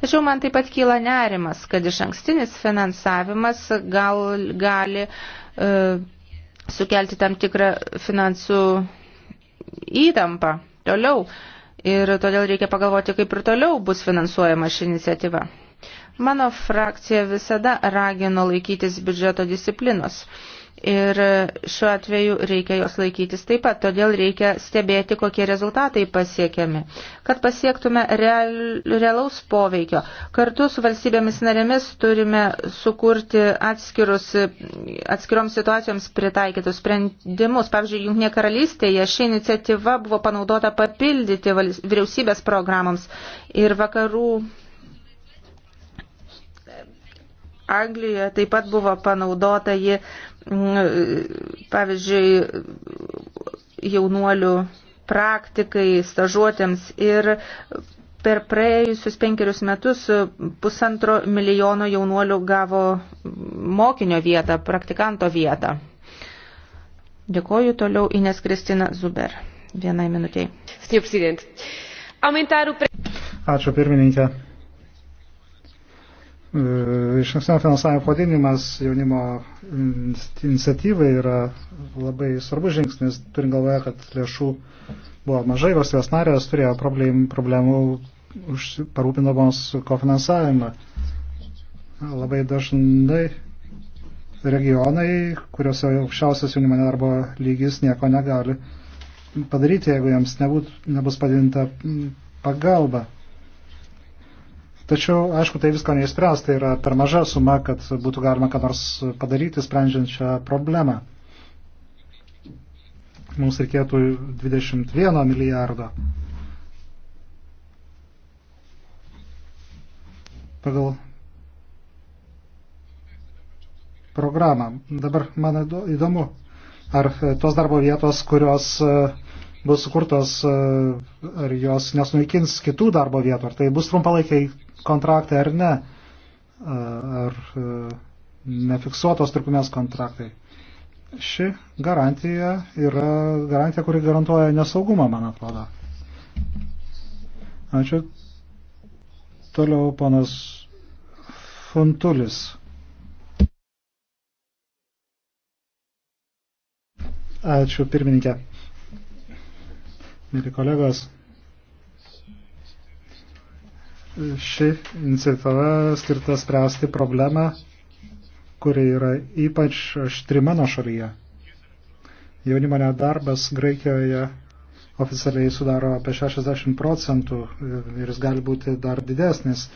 Tačiau man taip pat kyla nerimas, kad iš ankstinis finansavimas gal, gali e, sukelti tam tikrą finansų įtampą toliau. Ir todėl reikia pagalvoti, kaip ir toliau bus finansuojama ši iniciatyva. Mano frakcija visada ragino laikytis biudžeto disciplinos. Ir šiuo atveju reikia jos laikytis taip pat, todėl reikia stebėti, kokie rezultatai pasiekiami, kad pasiektume real, realaus poveikio. Kartu su valstybėmis narėmis turime sukurti atskirus, atskiroms situacijoms pritaikytus sprendimus. Pavyzdžiui, Junknė karalystėje ši iniciatyva buvo panaudota papildyti vyriausybės programams ir vakarų Anglijoje taip pat buvo panaudota ji pavyzdžiui, jaunuolių praktikai, stažuotėms ir per praėjusius penkerius metus pusantro milijono jaunuolių gavo mokinio vietą, praktikanto vietą. Dėkoju toliau Ines Kristina Zuber. Vienai minutiai. Ačiū pirmininkė. Iš ankstinio finansavimo padidinimas jaunimo iniciatyvai yra labai svarbus žingsnis, turint galvoje, kad lėšų buvo mažai, valstybės narės turėjo problem, problemų parūpinamos kofinansavimą. Labai dažnai regionai, kuriuose aukščiausias jaunimo nedarbo lygis nieko negali padaryti, jeigu jiems nebūt, nebus padidinta pagalba. Tačiau, aišku, tai visko neįspręs, tai yra per maža suma, kad būtų galima ką nors padaryti, sprendžiant šią problemą. Mums reikėtų 21 milijardo. Pagal programą. Dabar man įdomu, ar e, tos darbo vietos, kurios e, bus sukurtos, e, ar jos nesunaikins kitų darbo vietų, ar tai bus trumpalaikiai kontraktai ar ne, e, ar e, nefiksuotos trukmės kontraktai. Ši garantija yra garantija, kuri garantuoja nesaugumą, man atrodo. Ačiū. Toliau panas Funtulis. Ačiū pirmininkė. Mėly kolegos, ši iniciatyva skirta spręsti problemą, kuri yra ypač aštri mano šalyje. Jaunimo nedarbas Graikijoje oficialiai sudaro apie 60 procentų ir jis gali būti dar didesnis.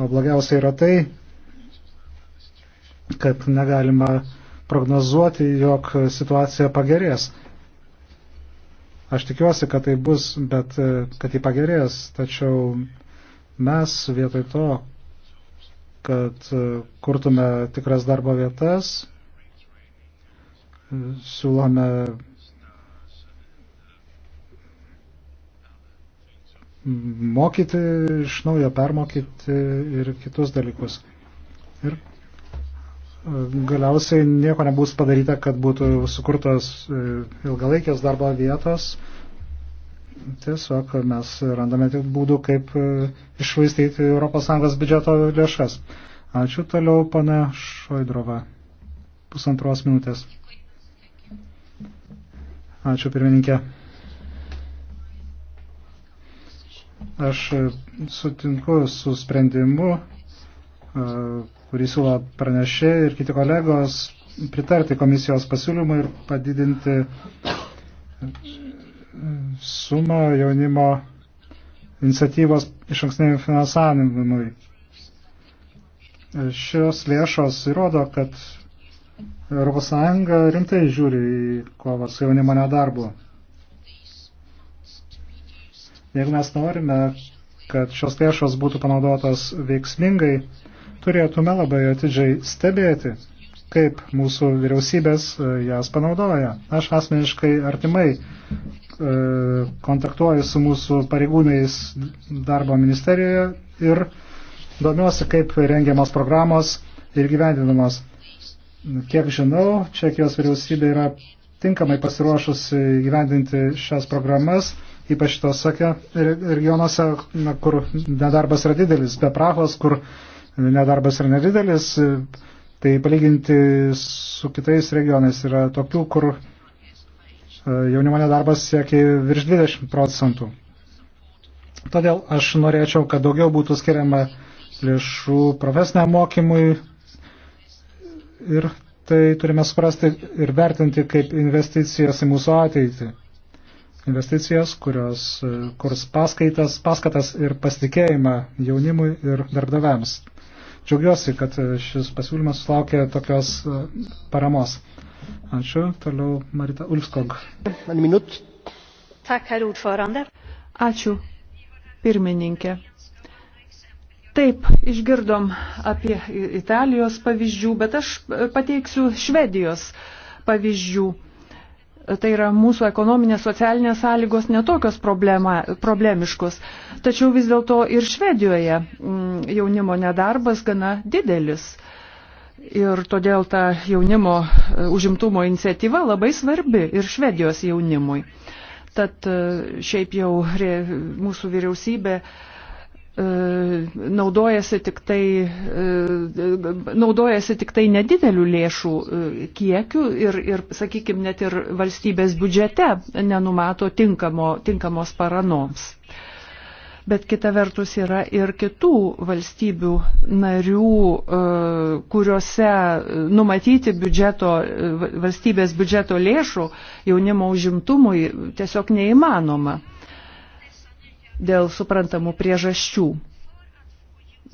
O blogiausia yra tai, kad negalima prognozuoti, jog situacija pagerės. Aš tikiuosi, kad tai bus, bet e, kad jį pagerės, tačiau mes vietoj to, kad e, kurtume tikras darbo vietas, e, siūlome mokyti iš naujo, permokyti ir kitus dalykus. Ir galiausiai nieko nebus padaryta, kad būtų sukurtos e, ilgalaikės darbo vietos. Tiesiog mes randame tik būdų, kaip e, išvaistyti ES biudžeto lėšas. Ačiū toliau, pane Šoidrova. Pusantros minutės. Ačiū, pirmininkė. Aš sutinku su sprendimu e, kurį siūlo pranešė ir kiti kolegos, pritarti komisijos pasiūlymui ir padidinti e, sumą jaunimo iniciatyvos iš anksnėjų finansavimui. Šios lėšos įrodo, kad ES rimtai žiūri į kovą su jaunimo nedarbu. Jeigu mes norime, kad šios lėšos būtų panaudotos veiksmingai, turėtume labai atidžiai stebėti, kaip mūsų vyriausybės e, jas panaudoja. Aš asmeniškai artimai e, kontaktuoju su mūsų pareigūnais darbo ministerijoje ir domiuosi, kaip rengiamos programos ir gyvendinamos. Kiek žinau, Čekijos vyriausybė yra tinkamai pasiruošusi gyvendinti šias programas, ypač tose regionuose, kur nedarbas yra didelis, be Prahos, kur uh, nedarbas yra nedidelis, tai palyginti su kitais regionais yra tokių, kur e, jaunimo nedarbas siekia virš 20 procentų. Todėl aš norėčiau, kad daugiau būtų skiriama lėšų profesiniam mokymui ir tai turime suprasti ir vertinti kaip investicijas į mūsų ateitį. Investicijas, kurios e, kurs paskaitas, paskatas ir pasitikėjimą jaunimui ir darbdaviams. Džiaugiuosi, kad e, šis pasiūlymas sulaukė tokios e, paramos. Ačiū. Toliau Marita Ulfskog. Ačiū, pirmininkė. Taip, išgirdom apie Italijos pavyzdžių, bet aš e, pateiksiu Švedijos pavyzdžių tai yra mūsų ekonominės, socialinės sąlygos netokios problemiškos. Tačiau vis dėlto ir Švedijoje mm, jaunimo nedarbas gana didelis. Ir todėl ta jaunimo e, užimtumo iniciatyva labai svarbi ir Švedijos jaunimui. Tad e, šiaip jau mūsų vyriausybė E, naudojasi tik tai, e, naudojasi tik tai nedidelių lėšų e, kiekių ir, ir sakykime, net ir valstybės biudžete nenumato tinkamo, tinkamos paranoms. Bet kita vertus yra ir kitų valstybių narių, kuriuose numatyti biudžeto, valstybės biudžeto lėšų jaunimo užimtumui tiesiog neįmanoma dėl suprantamų priežasčių.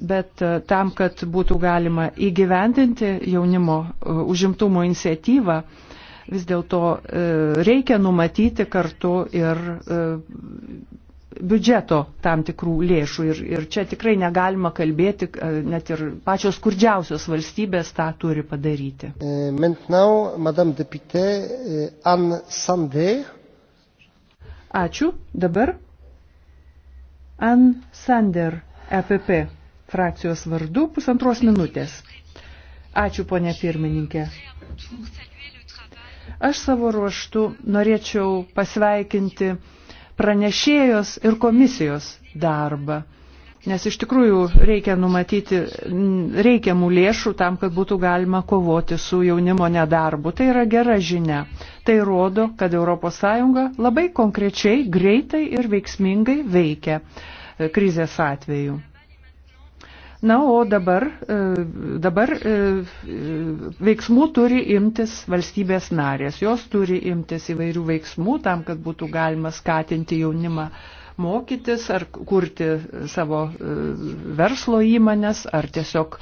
Bet e, tam, kad būtų galima įgyvendinti jaunimo e, užimtumo iniciatyvą, vis dėlto e, reikia numatyti kartu ir biudžeto tam tikrų lėšų. Ir, ir čia tikrai negalima kalbėti, net ir pačios skurdžiausios valstybės tą turi padaryti. Now, Deputy, Ačiū. Dabar Ann Sander, EPP frakcijos vardu, pusantros minutės. Ačiū, ponė pirmininkė. Aš savo ruoštų norėčiau pasveikinti pranešėjos ir komisijos darbą. Nes iš tikrųjų reikia numatyti reikiamų lėšų tam, kad būtų galima kovoti su jaunimo nedarbu. Tai yra gera žinia. Tai rodo, kad ES labai konkrečiai, greitai ir veiksmingai veikia krizės atveju. Na, o dabar, e, dabar e, veiksmų turi imtis valstybės narės. Jos turi imtis įvairių veiksmų tam, kad būtų galima skatinti jaunimą mokytis ar kurti savo e, verslo įmonės ar tiesiog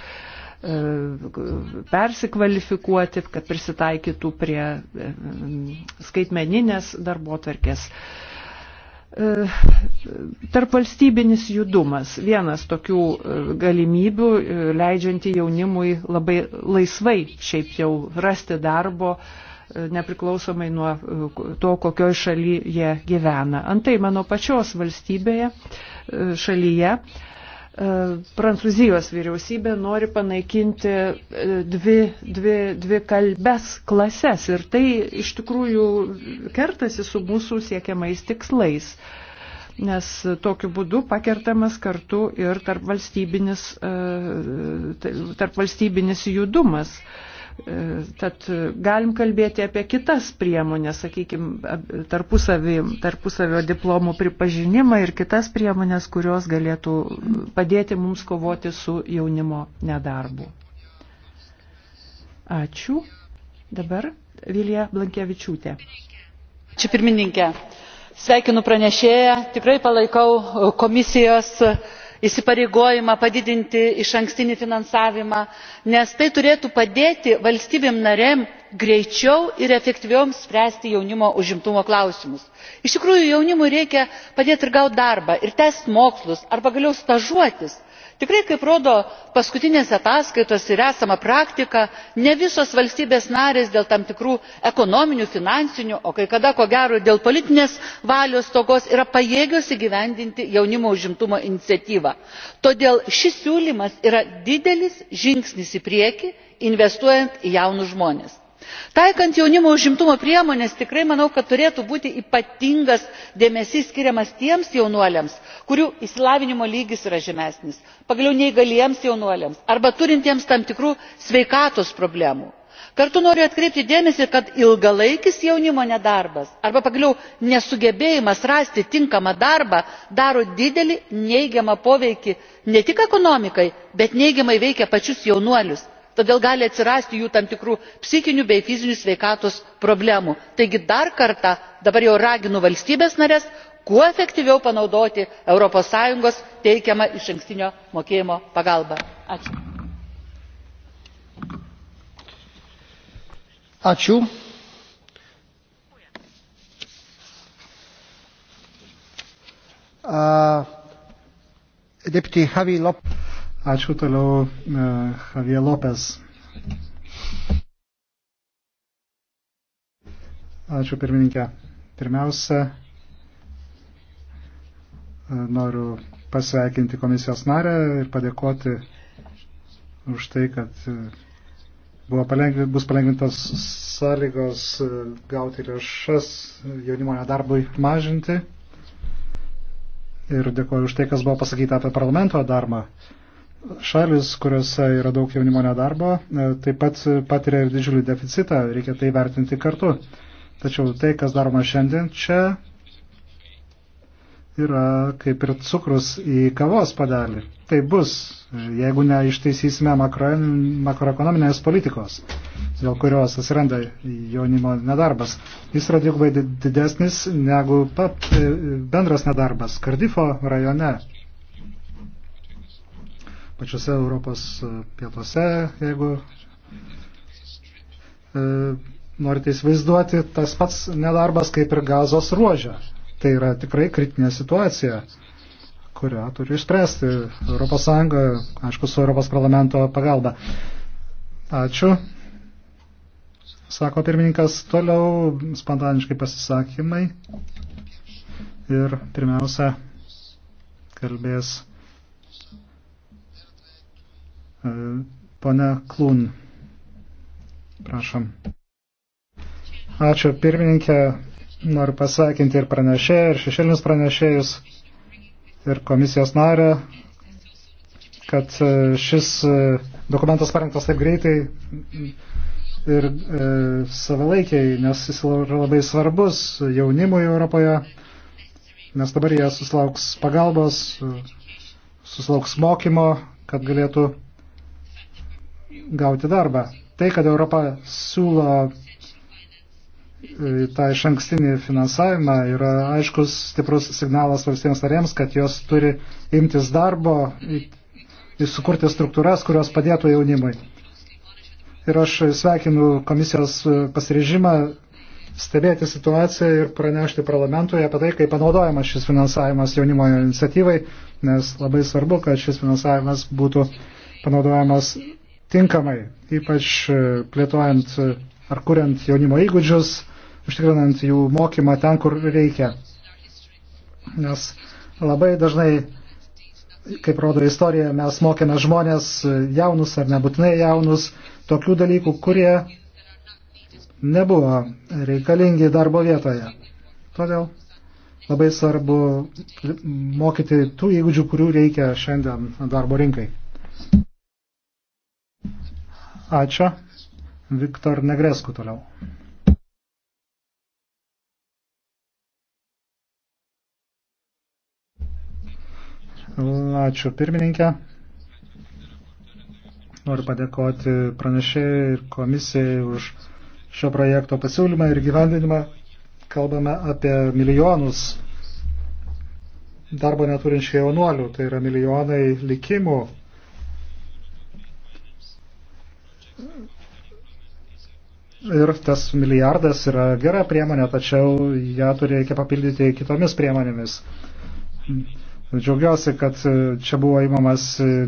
persikvalifikuoti, kad prisitaikytų prie skaitmeninės darbo tvarkės. E, tarpvalstybinis judumas vienas tokių e, galimybių, e, leidžianti jaunimui labai laisvai šiaip jau rasti darbo, nepriklausomai nuo to, kokioj šaly jie gyvena. Antai mano pačios valstybėje, šalyje E, Prancūzijos vyriausybė nori panaikinti e, dvi, dvi, dvi kalbes klases ir tai iš tikrųjų kertasi su mūsų siekiamais tikslais, nes tokiu būdu pakertamas kartu ir tarp valstybinis, e, tarp valstybinis judumas. E, tad galim kalbėti apie kitas priemonės, sakykime, tarpusavį, tarpusavio diplomų pripažinimą ir kitas priemonės, kurios galėtų padėti mums kovoti su jaunimo nedarbu. Ačiū. Dabar Vilija Blankievičiūtė. Ačiū pirmininkė. Sveikinu pranešėją. Tikrai palaikau komisijos įsipareigojimą padidinti išankstinį finansavimą nes tai turėtų padėti valstybėms narėms greičiau ir efektyviau spręsti jaunimo užimtumo klausimus. iš tikrųjų jaunimui reikia padėti ir gauti darbą ir tęsti mokslus ar pagaliau stažuotis tikrai kaip rodo paskutinės ataskaitos ir esama praktika ne visos valstybės narės dėl tam tikrų ekonominių finansinių o kai kada ko gero ir dėl politinės valios stokos yra pajėgios įgyvendinti jaunimo užimtumo iniciatyvą. todėl šis siūlymas yra didelis žingsnis į priekį investuojant į jaunus žmones taikant jaunimo užimtumo priemones tikrai manau kad turėtų būti ypatingas dėmesys skiriamas tiems jaunuoliams kurių išsilavinimo lygis yra žemesnis pagaliau neįgaliems jaunuoliams arba turintiems tam tikrų sveikatos problemų. kartu noriu atkreipti dėmesį kad ilgalaikis jaunimo nedarbas arba pagaliau nesugebėjimas rasti tinkamą darbą daro didelį neigiamą poveikį ne tik ekonomikai bet neigiamai veikia pačius jaunuolius todėl gali atsirasti jų tam tikrų psichinių bei fizinių sveikatos problemų. taigi dar kartą dabar jau raginu valstybes nares kuo efektyviau panaudoti europos sąjungos teikiamą išankstinio mokėjimo pagalbą. Ačiū toliau e, Javier Lopes. Ačiū pirmininkė. Pirmiausia, e, noriu pasveikinti komisijos narę ir padėkoti už tai, kad e, buvo palengvi, bus palengvintas sąlygos gauti lėšas jaunimo nedarbui mažinti. Ir dėkoju už tai, kas buvo pasakyta apie parlamento darbą. Šalis, kuriuose yra daug jaunimo nedarbo, e, taip pat patiria ir didžiulį deficitą, reikia tai vertinti kartu. Tačiau tai, kas daroma šiandien čia, yra kaip ir cukrus į kavos padelį. Tai bus, jeigu neištaisysime makro, makroekonominės politikos, dėl kurios atsiranda jaunimo nedarbas. Jis yra dvigubai didesnis negu pap, e, bendras nedarbas Kardifo rajone pačiose Europos e, pietuose, jeigu e, norite įsivaizduoti, tas pats nedarbas kaip ir gazos ruožė. Tai yra tikrai kritinė situacija, kurią turi išspręsti ES, aišku, su Europos parlamento pagalba. Ačiū. Sako pirmininkas, toliau spontaniškai pasisakymai. Ir pirmiausia, kalbės E, pone Klūn, prašom. Ačiū pirmininkė, noriu pasveikinti ir pranešėjai, ir šešėlinius pranešėjus, ir komisijos narę, kad e, šis e, dokumentas parengtas taip greitai ir e, savalaikiai, nes jis yra labai svarbus jaunimui Europoje, nes dabar jie susilauks pagalbos, susilauks mokymo, kad galėtų gauti darbą. Tai, kad Europa siūlo e, tą iš ankstinį finansavimą, yra aiškus stiprus signalas valstybėms narėms, kad jos turi imtis darbo ir sukurti struktūras, kurios padėtų jaunimui. Ir aš sveikinu komisijos pasirežimą stebėti situaciją ir pranešti parlamentui apie tai, kaip panaudojamas šis finansavimas jaunimo iniciatyvai, nes labai svarbu, kad šis finansavimas būtų panaudojamas tinkamai, ypač e, plėtojant e, ar kuriant jaunimo įgūdžius, užtikrinant jų mokymą ten, kur reikia. Nes labai dažnai, kaip rodo istorija, mes mokėme žmonės e, jaunus ar nebūtinai jaunus tokių dalykų, kurie nebuvo reikalingi darbo vietoje. Todėl labai svarbu mokyti tų įgūdžių, kurių reikia šiandien darbo rinkai. Ačiū. Viktor Negresku toliau. Ačiū pirmininkė. Noriu padėkoti pranešėjai ir komisijai už šio projekto pasiūlymą ir gyvendinimą. Kalbame apie milijonus darbo neturinčių jaunuolių, tai yra milijonai likimų Ir tas milijardas yra gera priemonė, tačiau ją reikia papildyti kitomis priemonėmis. Džiaugiuosi, kad čia buvo įmamas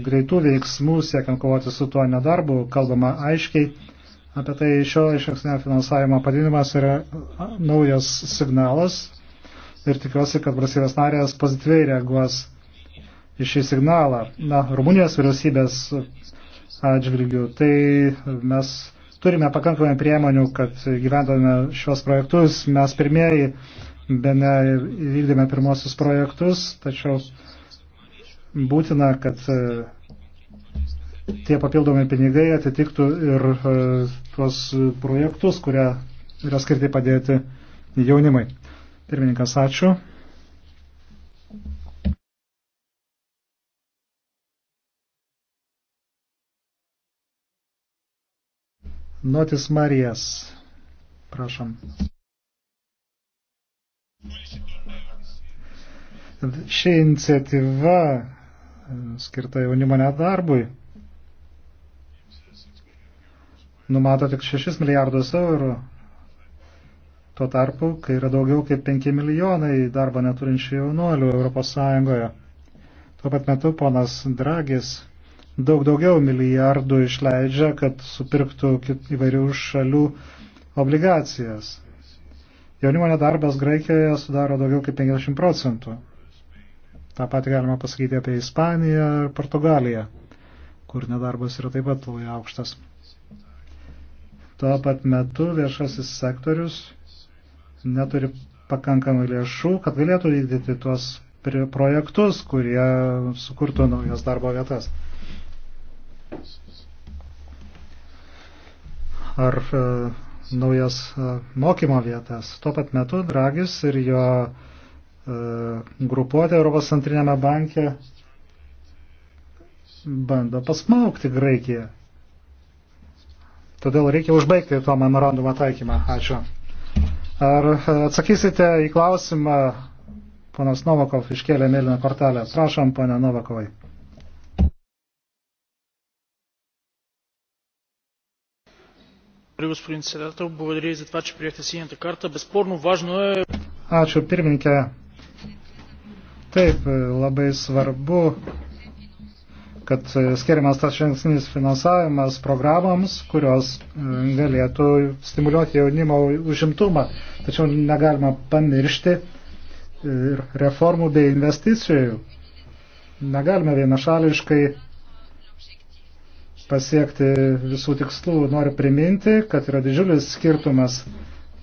greitų veiksmų, siekiant kovoti su tuo nedarbu, kalbama aiškiai. Apie tai šio išankstinio finansavimo padidinimas yra naujas signalas ir tikiuosi, kad valstybės narės pozityviai reaguos į šį signalą. Na, Rumunijos vyriausybės atžvilgių, tai mes turime pakankamai priemonių, kad gyvendome šios projektus. Mes pirmieji bene vykdėme pirmosius projektus, tačiau būtina, kad e, tie papildomi pinigai atitiktų ir e, tuos projektus, kurie yra skirti padėti jaunimui. Pirmininkas, ačiū. Notis Marijas. Prašom. Ši iniciatyva e, skirta jaunimo nedarbui numato tik 6 milijardus eurų. Tuo tarpu, kai yra daugiau kaip 5 milijonai darbo neturinčių jaunuolių Europos Sąjungoje. Tuo pat metu ponas Dragis daug daugiau milijardų išleidžia, kad supirktų įvairių šalių obligacijas. Jaunimo nedarbas Graikijoje sudaro daugiau kaip 50 procentų. Ta pati galima pasakyti apie Ispaniją ir Portugaliją, kur nedarbas yra taip pat labai aukštas. Tuo pat metu viešasis sektorius neturi pakankamai lėšų, kad galėtų vykdyti tuos projektus, kurie sukurtų naujas darbo vietas ar e, naujas e, mokymo vietas. Tuo pat metu Dragis ir jo e, grupuotė Europos centrinėme banke bando pasmaukti Graikiją. Todėl reikia užbaigti to memorandumo taikymą. Ačiū. Ar e, atsakysite į klausimą, ponas Novakov iškėlė mėlyną kortelę. Prašom, ponė Novakovai. Благодаря, господин Седател. Благодаря и за това, че приехте синята карта. Безспорно важно е... Ačiū, pirmininkė. Taip, labai svarbu, kad skiriamas tas žingsnis finansavimas programams, kurios e, galėtų stimuliuoti jaunimo užimtumą. Tačiau negalima pamiršti e, ir reformų bei investicijų. Negalime vienašališkai pasiekti visų tikslų. Noriu priminti, kad yra didžiulis skirtumas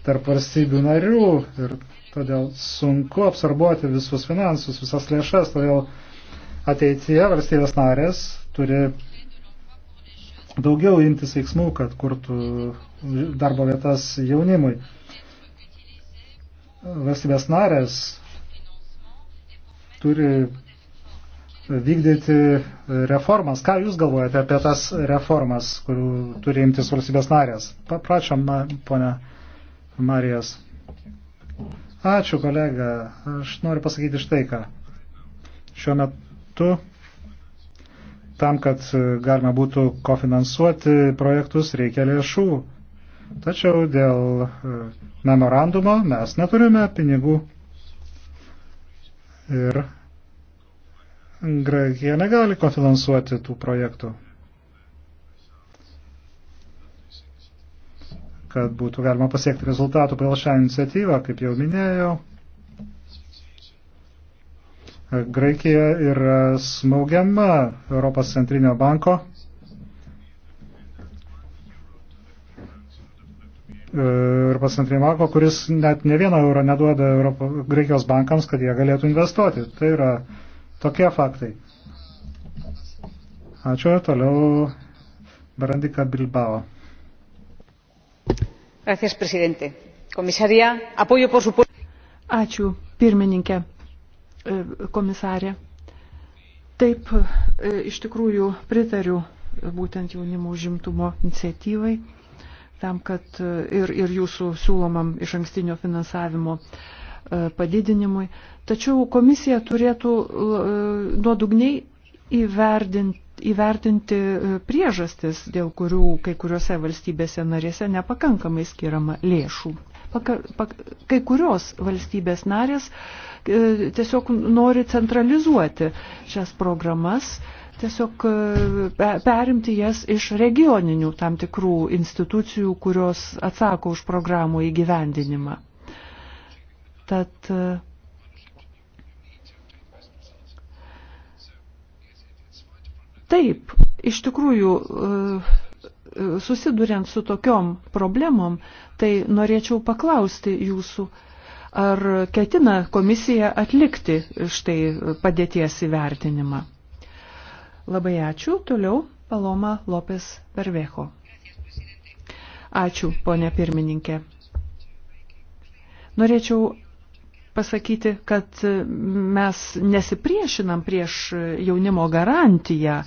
tarp valstybių narių ir todėl sunku absorbuoti visus finansus, visas lėšas, todėl ateityje valstybės narės turi daugiau imtis veiksmų, kad kurtų darbo vietas jaunimui. Valstybės narės turi vykdyti reformas. Ką Jūs galvojate apie tas reformas, kurių turi imtis valstybės narės? Paprašom, ponia Marijas. Ačiū, kolega. Aš noriu pasakyti štai ką. Šiuo metu tam, kad galima būtų kofinansuoti projektus, reikia lėšų. Tačiau dėl e, memorandumo mes neturime pinigų. Ir Graikija negali kofinansuoti tų projektų, kad būtų galima pasiekti rezultatų pagal šią iniciatyvą, kaip jau minėjau. Graikija yra smaugiama Europos centrinio banko. Europos centrinio banko, kuris net ne vieno euro neduoda Europo, Graikijos bankams, kad jie galėtų investuoti. Tai yra uh, Tokie faktai. Ačiū. Toliau Barandika Bilbao. Gracias, presidente. Komisarija, apoyo por supuesto. Ačiū, pirmininkė, e, komisarė. Taip, e, iš tikrųjų pritariu būtent jaunimo užimtumo iniciatyvai, tam, kad e, ir, ir jūsų siūlomam iš ankstinio finansavimo uh, E, padidinimui. Tačiau komisija turėtų e, nuodugniai įverdinti įvertinti e, priežastis, dėl kurių kai kuriuose valstybėse narėse nepakankamai skiriama lėšų. Paka, pak, kai kurios valstybės narės e, tiesiog nori centralizuoti šias programas, tiesiog e, perimti jas iš regioninių tam tikrų institucijų, kurios atsako už programų įgyvendinimą. Tad taip, iš tikrųjų, e, susiduriant su tokiom problemom, tai norėčiau paklausti jūsų, ar ketina komisija atlikti štai padėties įvertinimą. Labai ačiū. Toliau Paloma Lopes Pervejo. Ačiū, ponė pirmininkė. Norėčiau pasakyti, kad mes nesipriešinam prieš jaunimo garantiją,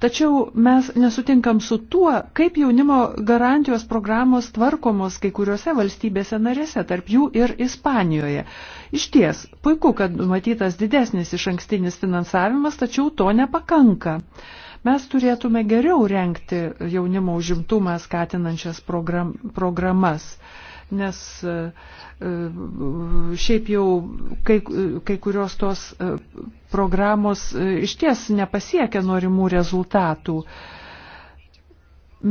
tačiau mes nesutinkam su tuo, kaip jaunimo garantijos programos tvarkomos kai kuriuose valstybėse narėse, tarp jų ir Ispanijoje. Iš ties, puiku, kad numatytas didesnis iš ankstinis finansavimas, tačiau to nepakanka mes turėtume geriau renkti jaunimo užimtumą skatinančias program, programas nes e, e, šiaip jau kai, kai kurios tos e, programos iš ties nepasiekia norimų rezultatų.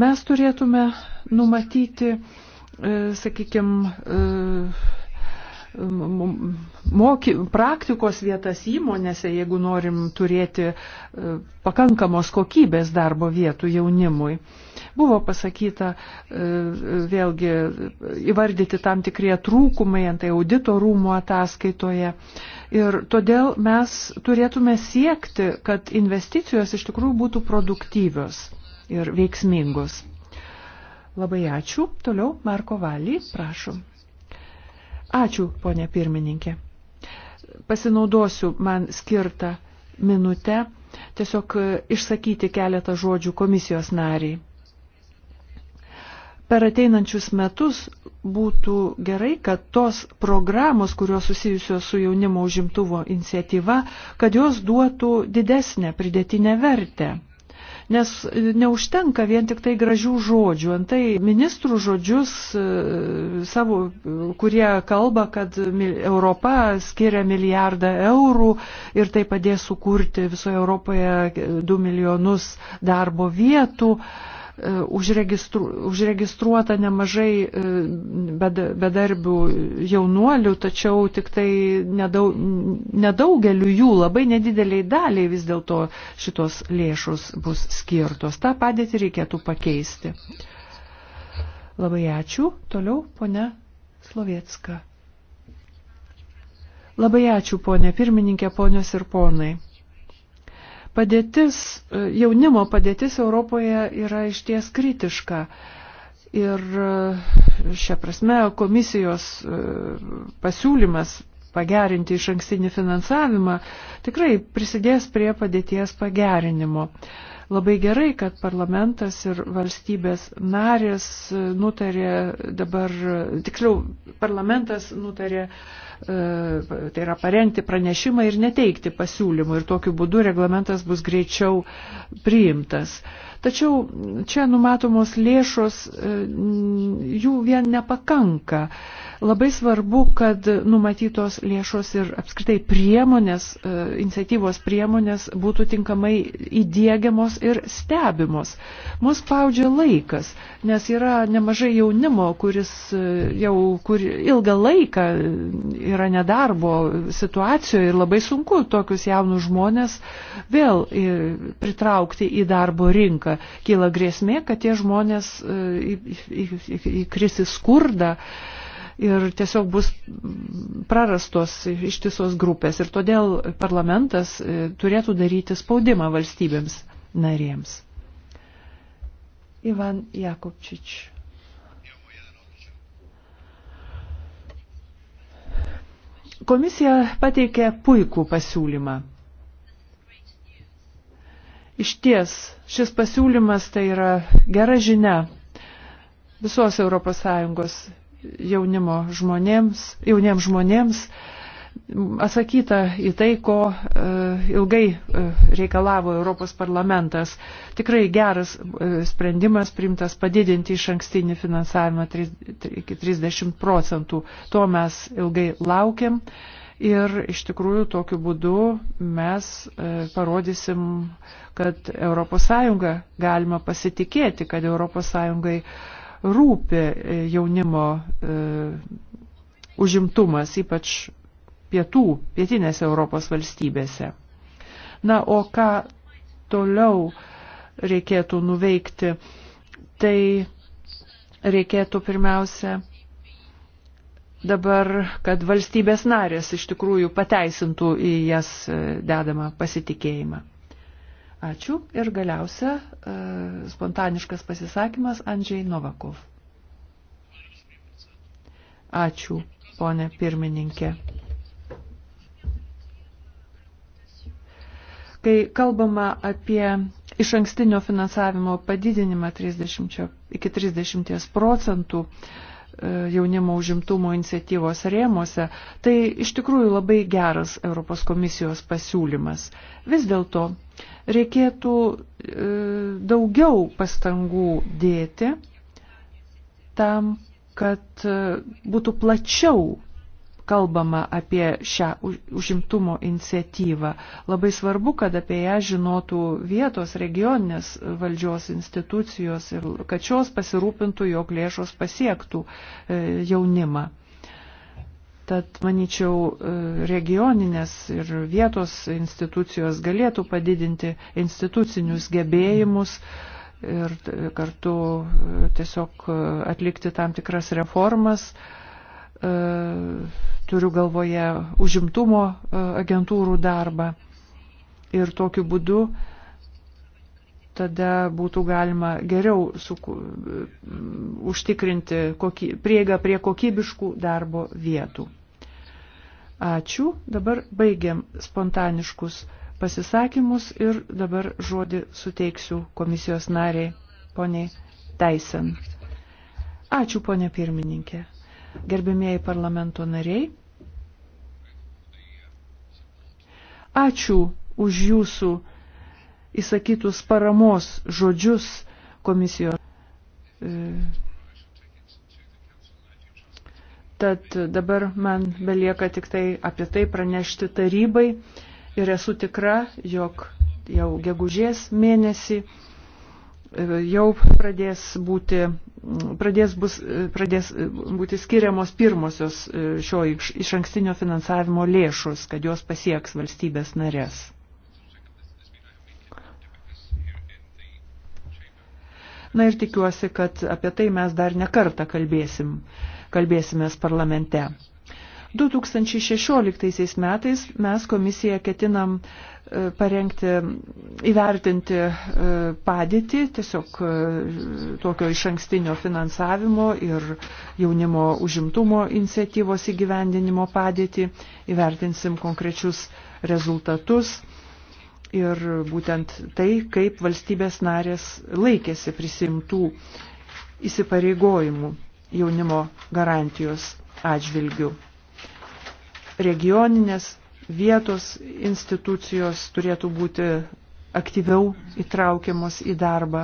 Mes turėtume numatyti, sakykime, moky, praktikos vietas įmonėse, jeigu norim turėti e, pakankamos kokybės darbo vietų jaunimui. Buvo pasakyta e, vėlgi įvardyti tam tikrie trūkumai antai audito rūmų ataskaitoje. Ir todėl mes turėtume siekti, kad investicijos iš tikrųjų būtų produktyvios ir veiksmingos. Labai ačiū. Toliau Marko Valį, prašom. Ačiū, ponė pirmininkė. Pasinaudosiu man skirtą minutę tiesiog išsakyti keletą žodžių komisijos nariai. Per ateinančius metus būtų gerai, kad tos programos, kurios susijusios su jaunimo užimtuvo iniciatyva, kad jos duotų didesnę pridėtinę vertę nes neužtenka vien tik tai gražių žodžių. Antai ministrų žodžius e, savo, kurie kalba, kad Europa skiria milijardą eurų ir tai padės sukurti visoje Europoje 2 milijonus darbo vietų. Uh, E, užregistru, užregistruota nemažai e, bedarbių jaunuolių, tačiau tik tai nedaug, nedaugeliu jų, labai nedideliai daliai vis dėlto šitos lėšos bus skirtos. Ta padėtį reikėtų pakeisti. Labai ačiū. Toliau ponia Slovietska. Labai ačiū ponė pirmininkė, ponios ir ponai. Padėtis, e, jaunimo padėtis Europoje yra išties kritiška. Ir e, šią prasme komisijos e, pasiūlymas pagerinti iš ankstinį finansavimą tikrai prisidės prie padėties pagerinimo. Uh, Labai gerai, kad parlamentas ir valstybės narės nutarė dabar, tiksliau, parlamentas nutarė, e, tai yra parengti pranešimą ir neteikti pasiūlymų ir tokiu būdu reglamentas bus greičiau priimtas. Tačiau čia numatomos lėšos, e, jų vien nepakanka. Labai svarbu, kad numatytos lėšos ir apskritai priemonės, e, iniciatyvos priemonės būtų tinkamai įdėgiamos ir stebimos. Mus paudžia laikas, nes yra nemažai jaunimo, kuris e, jau kur ilgą laiką yra nedarbo situacijoje ir labai sunku tokius jaunus žmonės vėl pritraukti į darbo rinką rizika, kyla grėsmė, kad tie žmonės e, įkris į skurdą ir tiesiog bus prarastos ištisos grupės. Ir todėl parlamentas e, turėtų daryti spaudimą valstybėms narėms. Ivan Jakobčič. Komisija pateikė puikų pasiūlymą Iš ties, šis pasiūlymas tai yra gera žinia visos ES jaunimo žmonėms, jauniems žmonėms atsakyta į tai, ko e, ilgai e, reikalavo Europos parlamentas. Tikrai geras e, sprendimas primtas padidinti iš ankstinį finansavimą iki 30 procentų. To mes ilgai laukiam. Ir iš tikrųjų tokiu būdu mes e, parodysim, kad ES galima pasitikėti, kad ES rūpi e, jaunimo e, užimtumas, ypač pietų, pietinėse Europos valstybėse. Na, o ką toliau reikėtų nuveikti, tai reikėtų pirmiausia dabar, kad valstybės narės iš tikrųjų pateisintų į jas e, dedamą pasitikėjimą. Ačiū ir galiausia e, spontaniškas pasisakymas Andžiai Novakov. Ačiū, ponė pirmininkė. Kai kalbama apie iš ankstinio finansavimo padidinimą 30, iki 30 procentų, uh, E, jaunimo užimtumo iniciatyvos rėmose, tai iš tikrųjų labai geras Europos komisijos pasiūlymas. Vis dėlto reikėtų e, daugiau pastangų dėti tam, kad e, būtų plačiau kalbama apie šią užimtumo iniciatyvą. Labai svarbu, kad apie ją žinotų vietos regioninės valdžios institucijos ir kad šios pasirūpintų, jog lėšos pasiektų e, jaunimą. Tad, manyčiau, e, regioninės ir vietos institucijos galėtų padidinti institucinius gebėjimus ir kartu e, tiesiog atlikti tam tikras reformas, E, turiu galvoje užimtumo e, agentūrų darbą. Ir tokiu būdu tada būtų galima geriau suku, užtikrinti koky, prieigą prie kokybiškų darbo vietų. Ačiū. Dabar baigiam spontaniškus pasisakymus ir dabar žodį suteiksiu komisijos nariai, poniai Taisen. Ačiū, ponė pirmininkė gerbėmėjai parlamento nariai. Ačiū už jūsų įsakytus paramos žodžius komisijos. E, Tad dabar man belieka tik tai apie tai pranešti tarybai ir esu tikra, jog jau gegužės mėnesį e, jau pradės būti pradės, bus, pradės būti skiriamos pirmosios e, šio iš, iš ankstinio finansavimo lėšus, kad jos pasieks valstybės narės. Na ir tikiuosi, kad apie tai mes dar nekartą kalbėsim, kalbėsimės parlamente. 2016 metais mes komisiją ketinam uh, E, parengti, įvertinti e, padėtį tiesiog e, tokio iš ankstinio finansavimo ir jaunimo užimtumo iniciatyvos įgyvendinimo padėtį, įvertinsim konkrečius rezultatus ir būtent tai, kaip valstybės narės laikėsi prisimtų įsipareigojimų jaunimo garantijos atžvilgių. Regioninės vietos institucijos turėtų būti aktyviau įtraukiamos į darbą.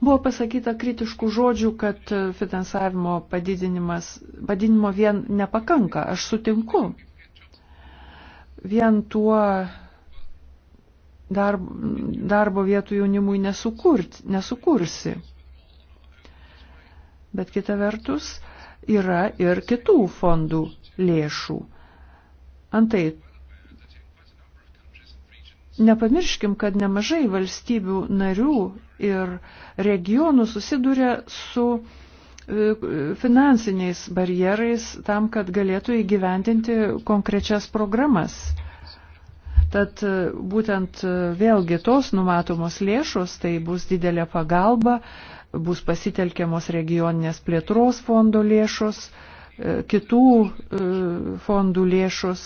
Buvo pasakyta kritiškų žodžių, kad finansavimo padidinimo vien nepakanka. Aš sutinku. Vien tuo darbo, darbo vietų jaunimui nesukurt, nesukursi. Bet kita vertus yra ir kitų fondų lėšų Antai, nepamirškim, kad nemažai valstybių narių ir regionų susiduria su e, finansiniais barjerais tam, kad galėtų įgyvendinti konkrečias programas. Tad e, būtent e, vėlgi tos numatomos lėšos, tai bus didelė pagalba, bus pasitelkiamos regioninės plėtros fondo lėšos, kitų e, fondų lėšos,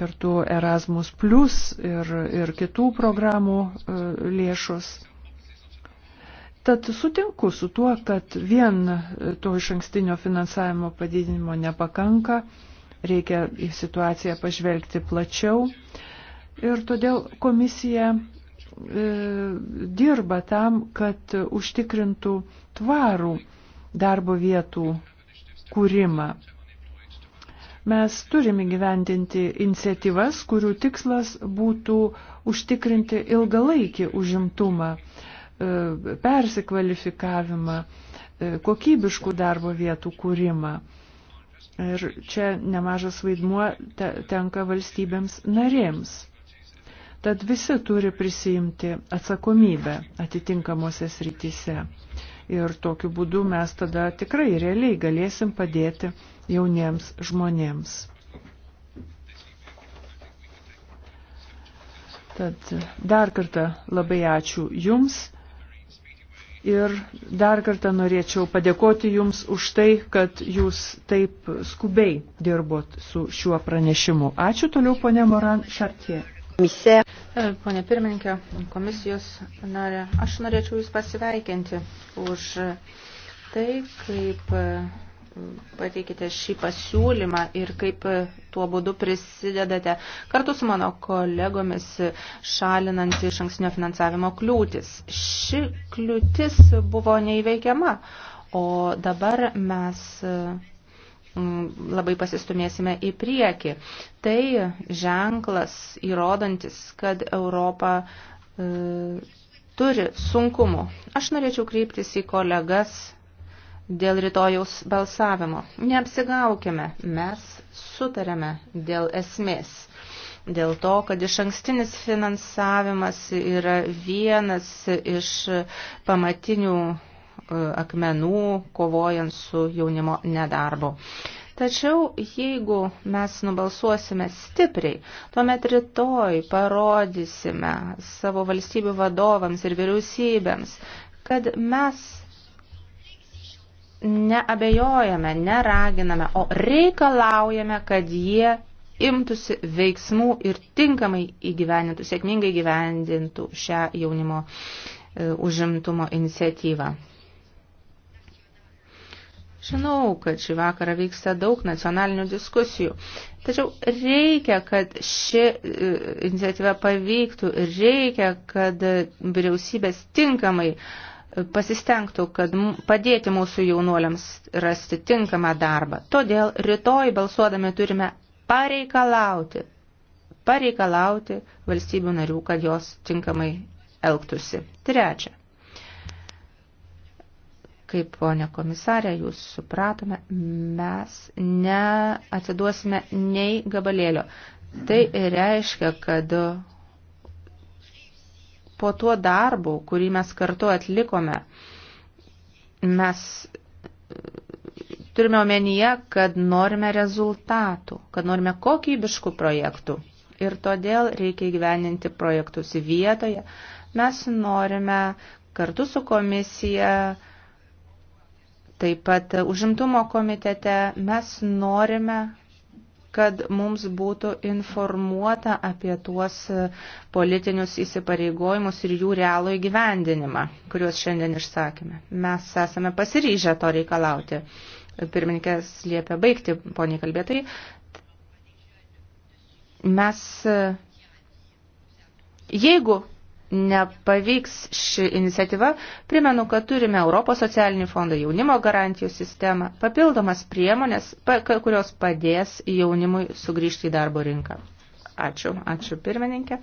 kartu Erasmus Plus ir, ir kitų programų e, lėšos. Tad sutinku su tuo, kad vien to iš ankstinio finansavimo padidinimo nepakanka, reikia į situaciją pažvelgti plačiau. Ir todėl komisija e, dirba tam, kad užtikrintų tvarų darbo vietų kūrimą. Mes turime gyvendinti iniciatyvas, kurių tikslas būtų užtikrinti ilgalaikį užimtumą, e, persikvalifikavimą, e, kokybiškų darbo vietų kūrimą. Ir čia nemažas vaidmuo tenka valstybėms narėms. Tad visi turi prisijimti atsakomybę atitinkamosios rytise ir tokiu būdu mes tada tikrai realiai galėsim padėti jauniems žmonėms. Tad dar kartą labai ačiū Jums ir dar kartą norėčiau padėkoti Jums už tai, kad Jūs taip skubiai dirbot su šiuo pranešimu. Ačiū toliau, ponė Moran Šartie. Misė. E, pone pirmininkė, komisijos narė, aš norėčiau Jūs pasiveikinti už tai, kaip e, pateikite šį pasiūlymą ir kaip e, tuo būdu prisidedate kartu su mano kolegomis šalinant iš ankstinio finansavimo kliūtis. Ši kliūtis buvo neįveikiama, o dabar mes Mm, labai pasistumėsime į priekį. Tai ženklas įrodantis, kad Europa e, turi sunkumų. Aš norėčiau kreiptis į kolegas dėl rytojaus balsavimo. Neapsigaukime, mes sutarėme dėl esmės. Dėl to, kad iš ankstinis finansavimas yra vienas iš pamatinių E, akmenų, kovojant su jaunimo nedarbu. Tačiau jeigu mes nubalsuosime stipriai, tuomet rytoj parodysime savo valstybių vadovams ir vyriausybėms, kad mes neabejojame, neraginame, o reikalaujame, kad jie imtųsi veiksmų ir tinkamai įgyvenintų, sėkmingai įgyvendintų šią jaunimo e, užimtumo iniciatyvą. Žinau, kad šį vakarą vyksta daug nacionalinių diskusijų, tačiau reikia, kad ši e, iniciatyva pavyktų ir reikia, kad vyriausybės tinkamai e, pasistengtų, kad padėti mūsų jaunuoliams rasti tinkamą darbą. Todėl rytoj balsuodami turime pareikalauti, pareikalauti valstybių narių, kad jos tinkamai elgtųsi. Trečia. Kaip ponė komisarė, jūs supratome, mes neatiduosime nei gabalėlio. Tai reiškia, kad po tuo darbu, kurį mes kartu atlikome, mes turime omenyje, kad norime rezultatų, kad norime kokybiškų projektų. Ir todėl reikia įgyveninti projektus vietoje. Mes norime kartu su komisija Taip pat užimtumo komitete mes norime kad mums būtų informuota apie tuos politinius įsipareigojimus ir jų realų įgyvendinimą, kuriuos šiandien išsakėme. Mes esame pasiryžę to reikalauti. Pirmininkės liepia baigti, poniai kalbėtai. Mes, jeigu nepavyks ši iniciatyva, primenu, kad turime Europos socialinį fondą jaunimo garantijų sistemą, papildomas priemonės, kurios padės jaunimui sugrįžti į darbo rinką. Ačiū, ačiū pirmininkė.